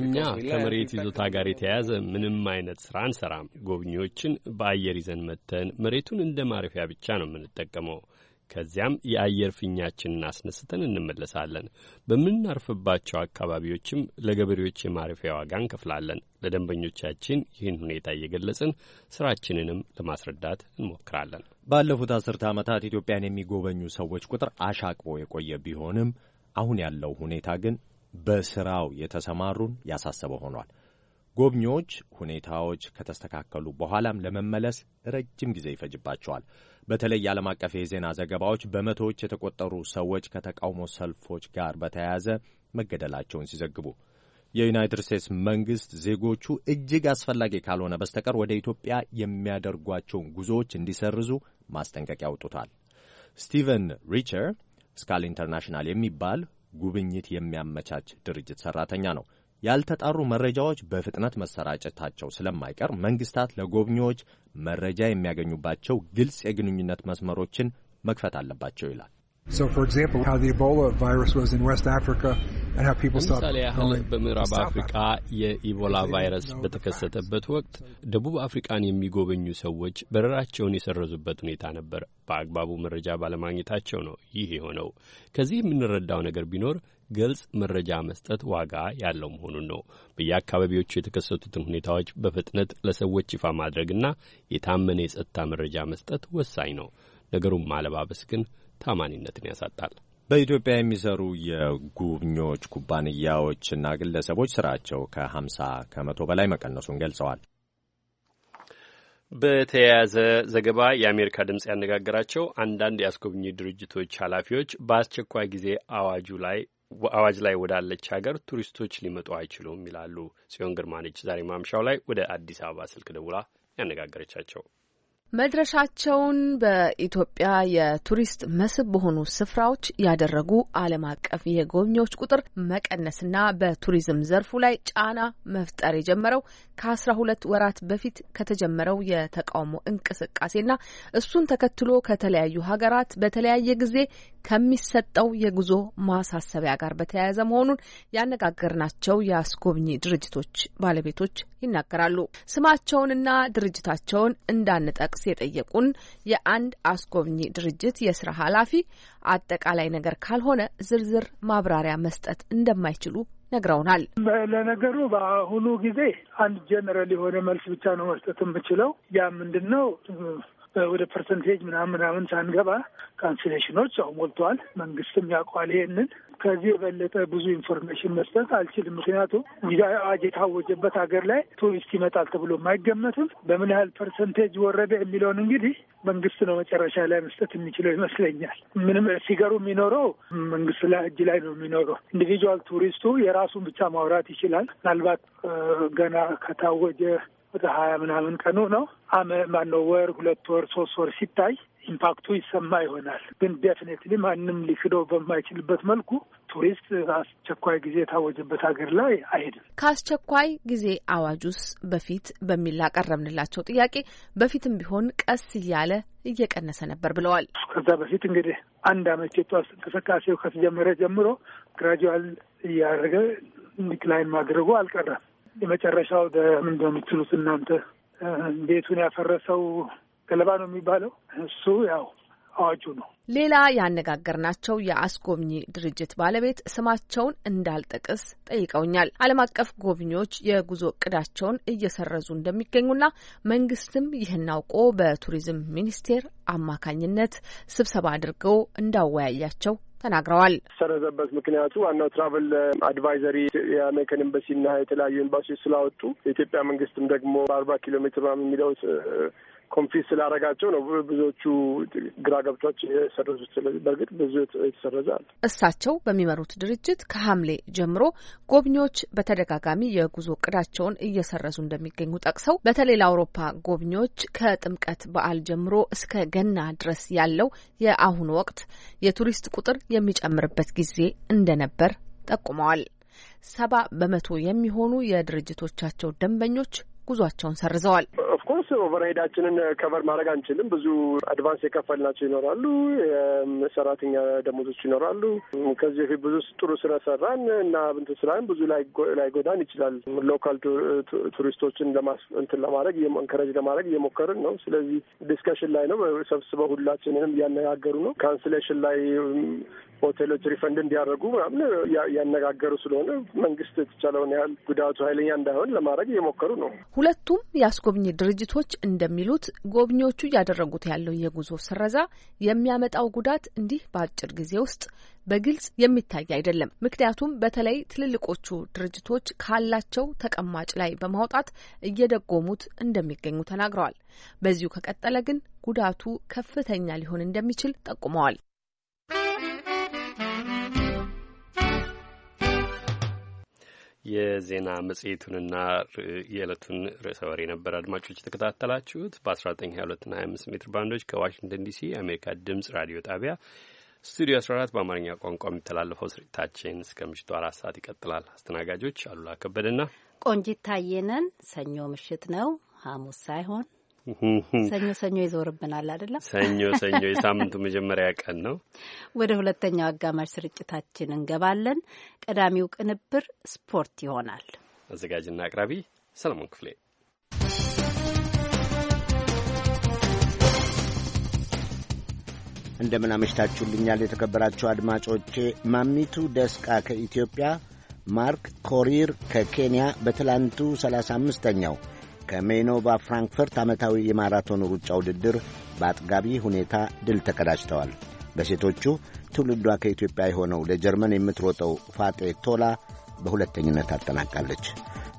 እኛ ከመሬት ይዞታ ጋር የተያያዘ ምንም አይነት ስራ አንሰራም። ጎብኚዎችን በአየር ይዘን መጥተን መሬቱን እንደ ማረፊያ ብቻ ነው የምንጠቀመው። ከዚያም የአየር ፊኛችንን አስነስተን እንመለሳለን። በምናርፍባቸው አካባቢዎችም ለገበሬዎች የማረፊያ ዋጋ እንከፍላለን። ለደንበኞቻችን ይህን ሁኔታ እየገለጽን
ስራችንንም ለማስረዳት እንሞክራለን። ባለፉት አስርተ ዓመታት ኢትዮጵያን የሚጎበኙ ሰዎች ቁጥር አሻቅቦ የቆየ ቢሆንም አሁን ያለው ሁኔታ ግን በስራው የተሰማሩን ያሳሰበ ሆኗል። ጎብኚዎች ሁኔታዎች ከተስተካከሉ በኋላም ለመመለስ ረጅም ጊዜ ይፈጅባቸዋል። በተለይ የዓለም አቀፍ የዜና ዘገባዎች በመቶዎች የተቆጠሩ ሰዎች ከተቃውሞ ሰልፎች ጋር በተያያዘ መገደላቸውን ሲዘግቡ የዩናይትድ ስቴትስ መንግስት ዜጎቹ እጅግ አስፈላጊ ካልሆነ በስተቀር ወደ ኢትዮጵያ የሚያደርጓቸውን ጉዞዎች እንዲሰርዙ ማስጠንቀቂያ አውጥቷል። ስቲቨን ሪቸር ስካል ኢንተርናሽናል የሚባል ጉብኝት የሚያመቻች ድርጅት ሰራተኛ ነው። ያልተጣሩ መረጃዎች በፍጥነት መሰራጨታቸው ስለማይቀር መንግስታት ለጎብኚዎች መረጃ የሚያገኙባቸው ግልጽ የግንኙነት መስመሮችን መክፈት አለባቸው ይላል።
ለምሳሌ ያህል
በምዕራብ አፍሪቃ የኢቦላ ቫይረስ በተከሰተበት ወቅት ደቡብ አፍሪቃን የሚጎበኙ ሰዎች በረራቸውን የሰረዙበት ሁኔታ ነበር። በአግባቡ መረጃ ባለማግኘታቸው ነው ይህ የሆነው። ከዚህ የምንረዳው ነገር ቢኖር ግልጽ መረጃ መስጠት ዋጋ ያለው መሆኑን ነው። በየአካባቢዎቹ የተከሰቱትን ሁኔታዎች በፍጥነት ለሰዎች ይፋ ማድረግና የታመነ የጸጥታ መረጃ መስጠት ወሳኝ ነው። ነገሩን ማለባበስ ግን ታማኒነትን ያሳጣል።
በኢትዮጵያ የሚሰሩ የጉብኞች ኩባንያዎችና ግለሰቦች ስራቸው ከ50 ከመቶ በላይ መቀነሱን ገልጸዋል።
በተያያዘ ዘገባ የአሜሪካ ድምፅ ያነጋገራቸው አንዳንድ የአስጎብኚ ድርጅቶች ኃላፊዎች በአስቸኳይ ጊዜ አዋጁ ላይ አዋጅ ላይ ወዳለች ሀገር ቱሪስቶች ሊመጡ አይችሉም ይላሉ። ጽዮን ግርማነች ዛሬ ማምሻው ላይ ወደ አዲስ አበባ ስልክ ደውላ ያነጋገረቻቸው
መድረሻቸውን በኢትዮጵያ የቱሪስት መስህብ በሆኑ ስፍራዎች ያደረጉ ዓለም አቀፍ የጎብኚዎች ቁጥር መቀነስና በቱሪዝም ዘርፉ ላይ ጫና መፍጠር የጀመረው ከአስራ ሁለት ወራት በፊት ከተጀመረው የተቃውሞ እንቅስቃሴና እሱን ተከትሎ ከተለያዩ ሀገራት በተለያየ ጊዜ ከሚሰጠው የጉዞ ማሳሰቢያ ጋር በተያያዘ መሆኑን ያነጋገርናቸው የአስጎብኚ ድርጅቶች ባለቤቶች ይናገራሉ። ስማቸውንና ድርጅታቸውን እንዳንጠቅስ የጠየቁን የአንድ አስጎብኚ ድርጅት የስራ ኃላፊ አጠቃላይ ነገር ካልሆነ ዝርዝር ማብራሪያ መስጠት እንደማይችሉ ነግረውናል።
ለነገሩ በአሁኑ ጊዜ አንድ ጀነራል የሆነ መልስ ብቻ ነው መስጠት የምችለው። ያ ምንድን ነው ወደ ፐርሰንቴጅ ምናምን ምናምን ሳንገባ ካንስሌሽኖች ያው ሞልተዋል። መንግስትም ያውቀዋል ይሄንን። ከዚህ የበለጠ ብዙ ኢንፎርሜሽን መስጠት አልችልም። ምክንያቱም አዋጅ የታወጀበት ሀገር ላይ ቱሪስት ይመጣል ተብሎ አይገመትም። በምን ያህል ፐርሰንቴጅ ወረደ የሚለውን እንግዲህ መንግስት ነው መጨረሻ ላይ መስጠት የሚችለው ይመስለኛል። ምንም ሲገሩ የሚኖረው መንግስት ላይ እጅ ላይ ነው የሚኖረው። ኢንዲቪጁዋል ቱሪስቱ የራሱን ብቻ ማውራት ይችላል። ምናልባት ገና ከታወጀ ወደ ሀያ ምናምን ቀኑ ነው አመ ማነው ወር ሁለት ወር ሶስት ወር ሲታይ ኢምፓክቱ ይሰማ ይሆናል። ግን ዴፊኔትሊ ማንም ሊክደው በማይችልበት መልኩ ቱሪስት አስቸኳይ ጊዜ የታወጀበት ሀገር ላይ
አይሄድም። ከአስቸኳይ ጊዜ አዋጁስ በፊት በሚል ላቀረብንላቸው ጥያቄ በፊትም ቢሆን ቀስ እያለ እየቀነሰ ነበር ብለዋል።
ከዛ በፊት እንግዲህ አንድ አመት ኢትዮጵያ ውስጥ እንቅስቃሴው ከተጀመረ ጀምሮ ግራጁዋል እያደረገ ዲክላይን ማድረጉ አልቀረም። የመጨረሻው ምንድን ነው የምትሉት እናንተ? ቤቱን ያፈረሰው ገለባ ነው የሚባለው እሱ ያው አዋጁ ነው።
ሌላ ያነጋገርናቸው የአስጎብኚ ድርጅት ባለቤት ስማቸውን እንዳልጠቅስ ጠይቀውኛል። ዓለም አቀፍ ጎብኚዎች የጉዞ እቅዳቸውን እየሰረዙ እንደሚገኙና መንግስትም ይህን አውቆ በቱሪዝም ሚኒስቴር አማካኝነት ስብሰባ አድርገው እንዳወያያቸው ተናግረዋል።
ሰረዘበት ምክንያቱ ዋናው ትራቨል አድቫይዘሪ የአሜሪካን ኤምባሲና የተለያዩ ኤምባሲዎች ስላወጡ የኢትዮጵያ መንግስትም ደግሞ በአርባ ኪሎ ሜትር የሚለውት ኮንፊዝ ስላደረጋቸው ነው ብዙዎቹ ግራ ገብቷች የሰረዙት። በእርግጥ ብዙ የተሰረዘ አለ።
እሳቸው በሚመሩት ድርጅት ከሐምሌ ጀምሮ ጎብኚዎች በተደጋጋሚ የጉዞ እቅዳቸውን እየሰረዙ እንደሚገኙ ጠቅሰው በተለይ ለአውሮፓ ጎብኚዎች ከጥምቀት በዓል ጀምሮ እስከ ገና ድረስ ያለው የአሁኑ ወቅት የቱሪስት ቁጥር የሚጨምርበት ጊዜ እንደነበር ጠቁመዋል። ሰባ በመቶ የሚሆኑ የድርጅቶቻቸው ደንበኞች ጉዟቸውን ሰርዘዋል።
ኦፍኮርስ
ኦቨርሄዳችንን ከቨር ማድረግ አንችልም። ብዙ አድቫንስ የከፈልናቸው ይኖራሉ፣ ሰራተኛ ደሞዞች ይኖራሉ። ከዚህ በፊት ብዙ ጥሩ ስለሰራን እና ብንት ስላለን ብዙ ላይጎዳን ይችላል። ሎካል ቱሪስቶችን እንትን ለማድረግ እንከረጅ ለማድረግ እየሞከርን ነው። ስለዚህ ዲስከሽን ላይ ነው። ሰብስበው ሁላችንንም እያነጋገሩ ነው። ካንስሌሽን ላይ ሆቴሎች ሪፈንድ እንዲያደርጉ ምናምን ያነጋገሩ ስለሆነ መንግስት የተቻለውን ያህል ጉዳቱ ኃይለኛ እንዳይሆን ለማድረግ እየሞከሩ ነው።
ሁለቱም የአስጎብኚ ድርጅቶች እንደሚሉት ጎብኚዎቹ እያደረጉት ያለው የጉዞ ስረዛ የሚያመጣው ጉዳት እንዲህ በአጭር ጊዜ ውስጥ በግልጽ የሚታይ አይደለም። ምክንያቱም በተለይ ትልልቆቹ ድርጅቶች ካላቸው ተቀማጭ ላይ በማውጣት እየደጎሙት እንደሚገኙ ተናግረዋል። በዚሁ ከቀጠለ ግን ጉዳቱ ከፍተኛ ሊሆን እንደሚችል ጠቁመዋል።
የዜና መጽሔቱንና የዕለቱን ርዕሰ ወሬ ነበር አድማጮች የተከታተላችሁት። 1922 25 ሜትር ባንዶች ከዋሽንግተን ዲሲ የአሜሪካ ድምጽ ራዲዮ ጣቢያ ስቱዲዮ 14 በአማርኛ ቋንቋ የሚተላለፈው ስርጭታችን እስከ ምሽቱ አራት ሰዓት ይቀጥላል። አስተናጋጆች አሉላ ከበደና
ቆንጂት ታየነን። ሰኞ ምሽት ነው ሐሙስ ሳይሆን
ሰኞ
ሰኞ ይዞርብናል አይደለም። ሰኞ ሰኞ የሳምንቱ
መጀመሪያ ቀን ነው።
ወደ ሁለተኛው አጋማሽ ስርጭታችን እንገባለን። ቀዳሚው ቅንብር ስፖርት ይሆናል።
አዘጋጅና አቅራቢ ሰለሞን ክፍሌ
እንደምን አመሽታችሁልኛል የተከበራችሁ አድማጮቼ። ማሚቱ ደስቃ ከኢትዮጵያ፣ ማርክ ኮሪር ከኬንያ በትላንቱ 35ኛው ከሜኖባ ፍራንክፈርት ዓመታዊ የማራቶን ሩጫ ውድድር በአጥጋቢ ሁኔታ ድል ተቀዳጅተዋል። በሴቶቹ ትውልዷ ከኢትዮጵያ የሆነው ለጀርመን የምትሮጠው ፋጤ ቶላ በሁለተኝነት አጠናቃለች።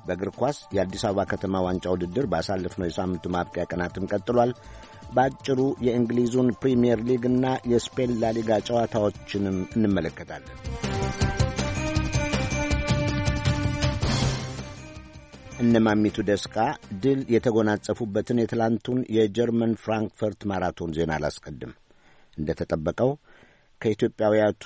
በእግር ኳስ የአዲስ አበባ ከተማ ዋንጫ ውድድር ባሳለፍነው የሳምንቱ ማብቂያ ቀናትም ቀጥሏል። በአጭሩ የእንግሊዙን ፕሪምየር ሊግ እና የስፔን ላሊጋ ጨዋታዎችንም እንመለከታለን። እነማሚቱ ደስቃ ድል የተጎናጸፉበትን የትላንቱን የጀርመን ፍራንክፈርት ማራቶን ዜና አላስቀድም። እንደ ተጠበቀው ከኢትዮጵያውያቱ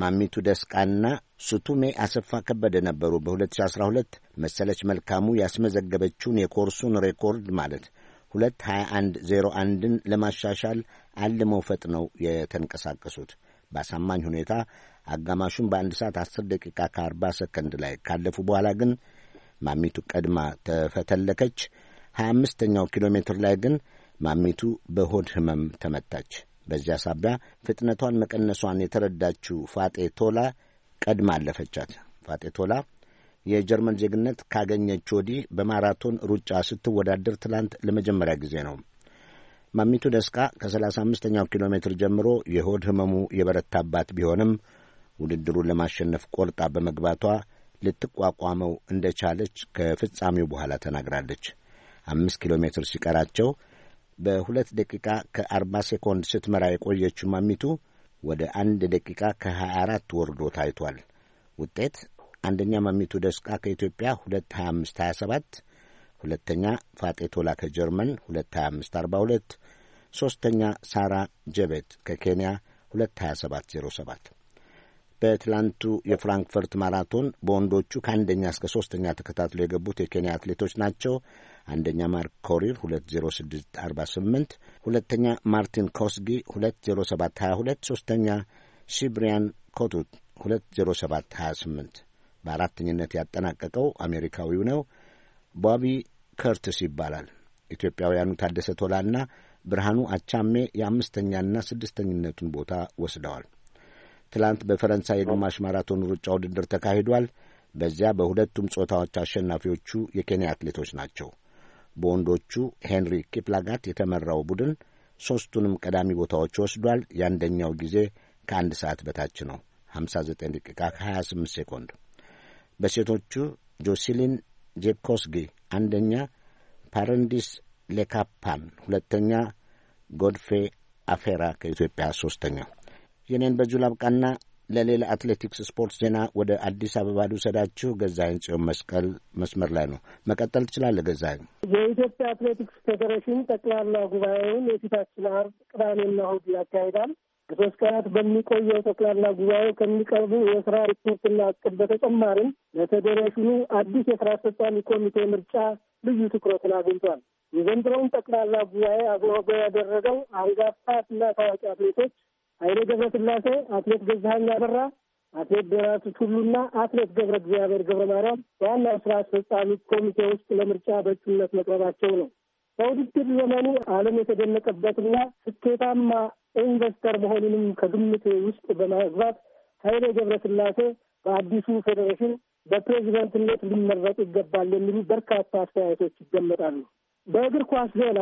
ማሚቱ ደስቃና ስቱሜ አሰፋ ከበደ ነበሩ። በ2012 መሰለች መልካሙ ያስመዘገበችውን የኮርሱን ሬኮርድ ማለት 22101ን ለማሻሻል አልመው ፈጥነው የተንቀሳቀሱት በአሳማኝ ሁኔታ አጋማሹን በአንድ ሰዓት 10 ደቂቃ ከ40 ሰከንድ ላይ ካለፉ በኋላ ግን ማሚቱ ቀድማ ተፈተለከች። ሀያ አምስተኛው ኪሎ ሜትር ላይ ግን ማሚቱ በሆድ ህመም ተመታች። በዚያ ሳቢያ ፍጥነቷን መቀነሷን የተረዳችው ፋጤ ቶላ ቀድማ አለፈቻት። ፋጤ ቶላ የጀርመን ዜግነት ካገኘች ወዲህ በማራቶን ሩጫ ስትወዳደር ትላንት ለመጀመሪያ ጊዜ ነው። ማሚቱ ደስቃ ከ35ኛው ኪሎ ሜትር ጀምሮ የሆድ ህመሙ የበረታባት ቢሆንም ውድድሩን ለማሸነፍ ቆርጣ በመግባቷ ልትቋቋመው እንደቻለች ከፍጻሜው በኋላ ተናግራለች። አምስት ኪሎ ሜትር ሲቀራቸው በሁለት ደቂቃ ከአርባ ሴኮንድ ስትመራ የቆየችው ማሚቱ ወደ አንድ ደቂቃ ከሀያ አራት ወርዶ ታይቷል። ውጤት አንደኛ ማሚቱ ደስቃ ከኢትዮጵያ ሁለት ሀያ አምስት ሀያ ሰባት ሁለተኛ ፋጤ ቶላ ከጀርመን ሁለት ሀያ አምስት አርባ ሁለት ሦስተኛ ሳራ ጀቤት ከኬንያ ሁለት ሀያ ሰባት ዜሮ ሰባት በትላንቱ የፍራንክፈርት ማራቶን በወንዶቹ ከአንደኛ እስከ ሶስተኛ ተከታትሎ የገቡት የኬንያ አትሌቶች ናቸው። አንደኛ ማርክ ኮሪር 20648፣ ሁለተኛ ማርቲን ኮስጊ 20722፣ ሶስተኛ ሺብሪያን ኮቱት 20728። በአራተኝነት ያጠናቀቀው አሜሪካዊው ነው፣ ቦቢ ከርትስ ይባላል። ኢትዮጵያውያኑ ታደሰ ቶላና ብርሃኑ አቻሜ የአምስተኛና ስድስተኝነቱን ቦታ ወስደዋል። ትላንት በፈረንሳይ የግማሽ ማራቶን ሩጫ ውድድር ተካሂዷል። በዚያ በሁለቱም ጾታዎች አሸናፊዎቹ የኬንያ አትሌቶች ናቸው። በወንዶቹ ሄንሪ ኪፕላጋት የተመራው ቡድን ሦስቱንም ቀዳሚ ቦታዎች ወስዷል። የአንደኛው ጊዜ ከአንድ ሰዓት በታች ነው፣ 59 ደቂቃ ከ28 ሴኮንድ። በሴቶቹ ጆሲሊን ጄኮስጊ አንደኛ፣ ፓረንዲስ ሌካፓን ሁለተኛ፣ ጎድፌ አፌራ ከኢትዮጵያ ሦስተኛው የኔን በዚሁ ላብቃና ለሌላ አትሌቲክስ ስፖርት ዜና ወደ አዲስ አበባ ልውሰዳችሁ። ገዛኸኝ ጽዮን መስቀል መስመር ላይ ነው። መቀጠል ትችላለህ ገዛኸኝ።
የኢትዮጵያ አትሌቲክስ ፌዴሬሽን ጠቅላላ ጉባኤውን የፊታችን አርብ፣ ቅዳሜና እሁድ ያካሂዳል። ሶስት ቀናት በሚቆየው ጠቅላላ ጉባኤው ከሚቀርቡ የስራ ሪፖርትና እቅድ በተጨማሪም ለፌዴሬሽኑ አዲስ የስራ አስፈጻሚ ኮሚቴ ምርጫ ልዩ ትኩረትን አግኝቷል። የዘንድሮውን ጠቅላላ ጉባኤ አግባብ ያደረገው አንጋፋና ታዋቂ አትሌቶች ኃይሌ ገብረ ስላሴ፣ አትሌት ገዛኸኝ አበራ፣ አትሌት ደራርቱ ቱሉና አትሌት ገብረ እግዚአብሔር ገብረ ማርያም በዋናው ስራ አስፈጻሚ ኮሚቴ ውስጥ ለምርጫ በእጩነት መቅረባቸው ነው። በውድድር ዘመኑ ዓለም የተደነቀበትና ስኬታማ ኢንቨስተር መሆኑንም ከግምት ውስጥ በማግባት ኃይሌ ገብረ ስላሴ በአዲሱ ፌዴሬሽን በፕሬዚደንትነት ሊመረጥ ይገባል የሚሉ በርካታ አስተያየቶች ይደመጣሉ። በእግር ኳስ ዜና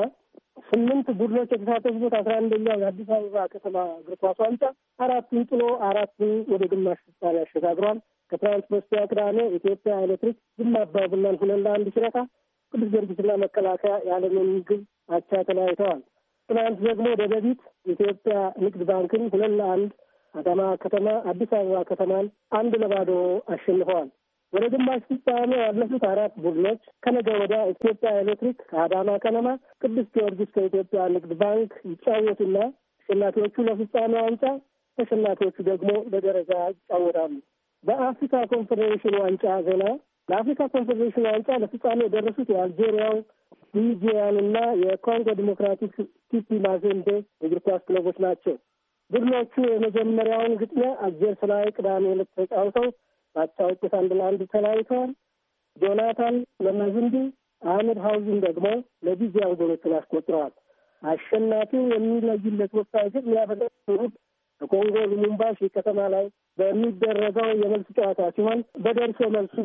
ስምንት ቡድኖች የተሳተፉበት አስራ አንደኛው የአዲስ አበባ ከተማ እግር ኳስ ዋንጫ አራቱን ጥሎ አራቱን ወደ ግማሽ ፍጻሜ አሸጋግሯል። ከትናንት በስቲያ ቅዳሜ ኢትዮጵያ ኤሌክትሪክ ጅማ አባ ቡናን ሁለት ለአንድ ሲረታ፣ ቅዱስ ጊዮርጊስና መከላከያ ያለምንም ግብ አቻ ተለያይተዋል። ትናንት ደግሞ ደደቢት ኢትዮጵያ ንግድ ባንክን ሁለት ለአንድ፣ አዳማ ከተማ አዲስ አበባ ከተማን አንድ ለባዶ አሸንፈዋል። ወደ ግማሽ ፍጻሜ ያለፉት አራት ቡድኖች ከነገ ወዲያ ኢትዮጵያ ኤሌክትሪክ ከአዳማ ከነማ፣ ቅዱስ ጊዮርጊስ ከኢትዮጵያ ንግድ ባንክ ይጫወቱና አሸናፊዎቹ ለፍጻሜ ዋንጫ ተሸናፊዎቹ ደግሞ ለደረጃ ይጫወታሉ። በአፍሪካ ኮንፌዴሬሽን ዋንጫ ዜና ለአፍሪካ ኮንፌዴሬሽን ዋንጫ ለፍጻሜ የደረሱት የአልጄሪያው እና የኮንጎ ዲሞክራቲክ ቲፒ ማዜምቤ እግር ኳስ ክለቦች ናቸው። ቡድኖቹ የመጀመሪያውን ግጥሚያ አልጀርስ ላይ ቅዳሜ ዕለት ተጫውተው አቻ አንድ ለአንድ ተለያይተዋል። ጆናታን ለሙዝንዲ አህመድ ሀውዝን ደግሞ ለጊዜያዊ ጎሎችን አስቆጥረዋል። አሸናፊው የሚለይለት ወሳኝ ግብ የሚያፈጠሩት በኮንጎ ሉሙምባሺ ከተማ ላይ በሚደረገው የመልስ ጨዋታ ሲሆን በደርሶ መልሱ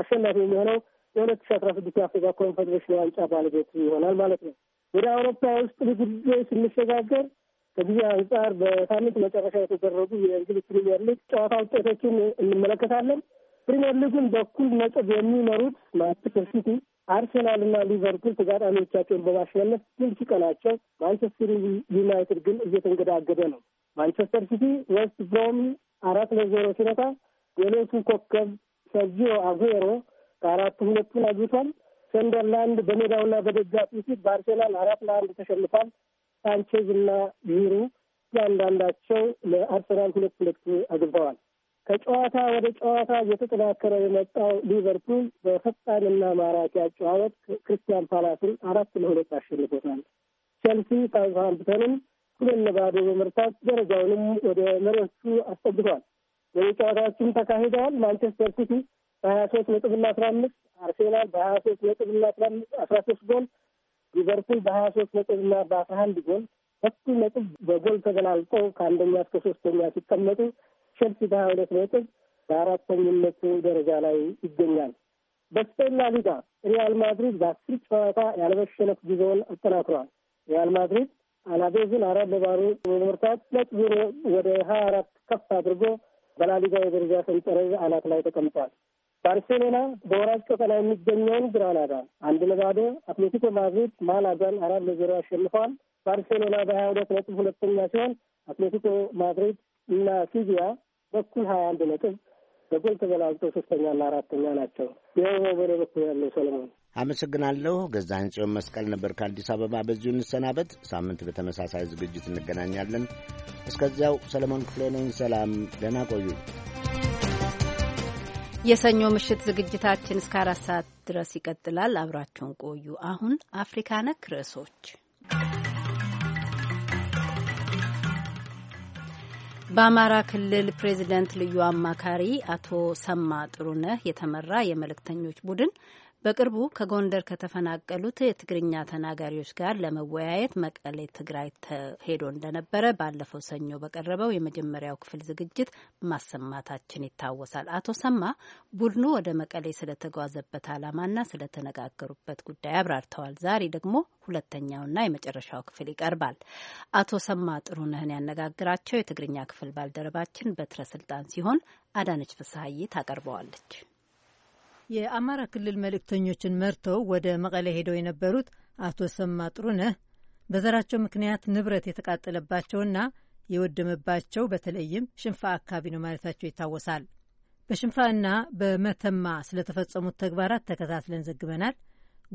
አሸናፊ የሚሆነው የሁለት ሺ አስራ ስድስት የአፍሪካ ኮንፌዴሬሽን ዋንጫ ባለቤት ይሆናል ማለት ነው። ወደ አውሮፓ ውስጥ ብዙ ጊዜ ስንሸጋገር ከዚህ አንጻር በሳምንት መጨረሻ የተደረጉ የእንግሊዝ ፕሪሚየር ሊግ ጨዋታ ውጤቶችን እንመለከታለን። ፕሪሚየር ሊጉን በኩል ነጥብ የሚመሩት ማንቸስተር ሲቲ፣ አርሴናል እና ሊቨርፑል ተጋጣሚዎቻቸውን በማሸነፍ ድል ሲቀናቸው፣ ማንቸስተር ዩናይትድ ግን እየተንገዳገደ ነው። ማንቸስተር ሲቲ ዌስት ብሮም አራት ለዜሮ ሲረታ የሌቱ ኮከብ ሰርጂዮ አጉሮ ከአራቱ ሁለቱን አግብቷል። ሰንደርላንድ በሜዳውና በደጋፊው ፊት በአርሴናል አራት ለአንድ ተሸንፏል። ሳንቼዝ እና ዩሩ እያንዳንዳቸው ለአርሰናል ሁለት ሁለት አግብተዋል። ከጨዋታ ወደ ጨዋታ እየተጠናከረ የመጣው ሊቨርፑል በፈጣንና ማራኪ አጨዋወት ክርስቲያን ፓላስን አራት ለሁለት አሸንፎታል። ቼልሲ ሳውዝሃምፕተንን ሁለት ለባዶ በመርታት ደረጃውንም ወደ መሪዎቹ አስጠግቷል። ወደ ጨዋታዎችም ተካሂደዋል። ማንቸስተር ሲቲ በሀያ ሶስት ነጥብና አስራ አምስት አርሴናል በሀያ ሶስት ነጥብና አስራ አምስት አስራ ሶስት ጎል ሊቨርፑል በሀያ ሶስት ነጥብ እና በአስራ አንድ ጎል ሰፊ ነጥብ በጎል ተገላልጦ ከአንደኛ እስከ ሶስተኛ ሲቀመጡ ቸልሲ በሀያ ሁለት ነጥብ በአራተኝነቱ ደረጃ ላይ ይገኛል። በስፔን ላ ሊጋ ሪያል ማድሪድ በአስር ጨዋታ ያለመሸነፍ ጊዜውን አጠናክሯል። ሪያል ማድሪድ አላቤዝን አራት ለባሩ በመርታት ነጥብ ዜሮ ወደ ሀያ አራት ከፍ አድርጎ በላሊጋ የደረጃ ሰንጠረዥ አናት ላይ ተቀምጧል። ባርሴሎና በወራጅ ቀጠና የሚገኘውን ግራናዳ አንድ ለባዶ፣ አትሌቲኮ ማድሪድ ማላጋን አራት ለዜሮ አሸንፏል። ባርሴሎና በሀያ ሁለት ነጥብ ሁለተኛ ሲሆን አትሌቲኮ ማድሪድ እና ሲቪያ በኩል ሀያ አንድ ነጥብ በጎል ተበላልጠው ሶስተኛና አራተኛ ናቸው። ይኸው በበሌ በኩል ያለው ሰለሞን
አመሰግናለሁ። ገዛ ህንጽዮን መስቀል ነበር ከአዲስ አበባ። በዚሁ እንሰናበት። ሳምንት በተመሳሳይ ዝግጅት እንገናኛለን። እስከዚያው ሰለሞን ክፍሌ ነኝ። ሰላም፣ ደህና ቆዩ።
የሰኞ ምሽት ዝግጅታችን እስከ አራት ሰዓት ድረስ ይቀጥላል። አብራቸውን ቆዩ። አሁን አፍሪካ ነክ ርዕሶች። በአማራ ክልል ፕሬዚደንት ልዩ አማካሪ አቶ ሰማ ጥሩነህ የተመራ የመልእክተኞች ቡድን በቅርቡ ከጎንደር ከተፈናቀሉት የትግርኛ ተናጋሪዎች ጋር ለመወያየት መቀሌ ትግራይ ተሄዶ እንደነበረ ባለፈው ሰኞ በቀረበው የመጀመሪያው ክፍል ዝግጅት ማሰማታችን ይታወሳል። አቶ ሰማ ቡድኑ ወደ መቀሌ ስለተጓዘበት ዓላማና ስለተነጋገሩበት ጉዳይ አብራርተዋል። ዛሬ ደግሞ ሁለተኛውና የመጨረሻው ክፍል ይቀርባል። አቶ ሰማ ጥሩነህን ያነጋግራቸው የትግርኛ ክፍል ባልደረባችን በትረ ስልጣን ሲሆን አዳነች ፍስሀዬ ታቀርበዋለች።
የአማራ ክልል መልእክተኞችን መርተው ወደ መቀለ ሄደው የነበሩት አቶ ሰማ ጥሩነህ በዘራቸው ምክንያት ንብረት የተቃጠለባቸውና የወደመባቸው በተለይም ሽንፋ አካባቢ ነው ማለታቸው ይታወሳል። በሽንፋና በመተማ ስለተፈጸሙት ተግባራት ተከታትለን ዘግበናል።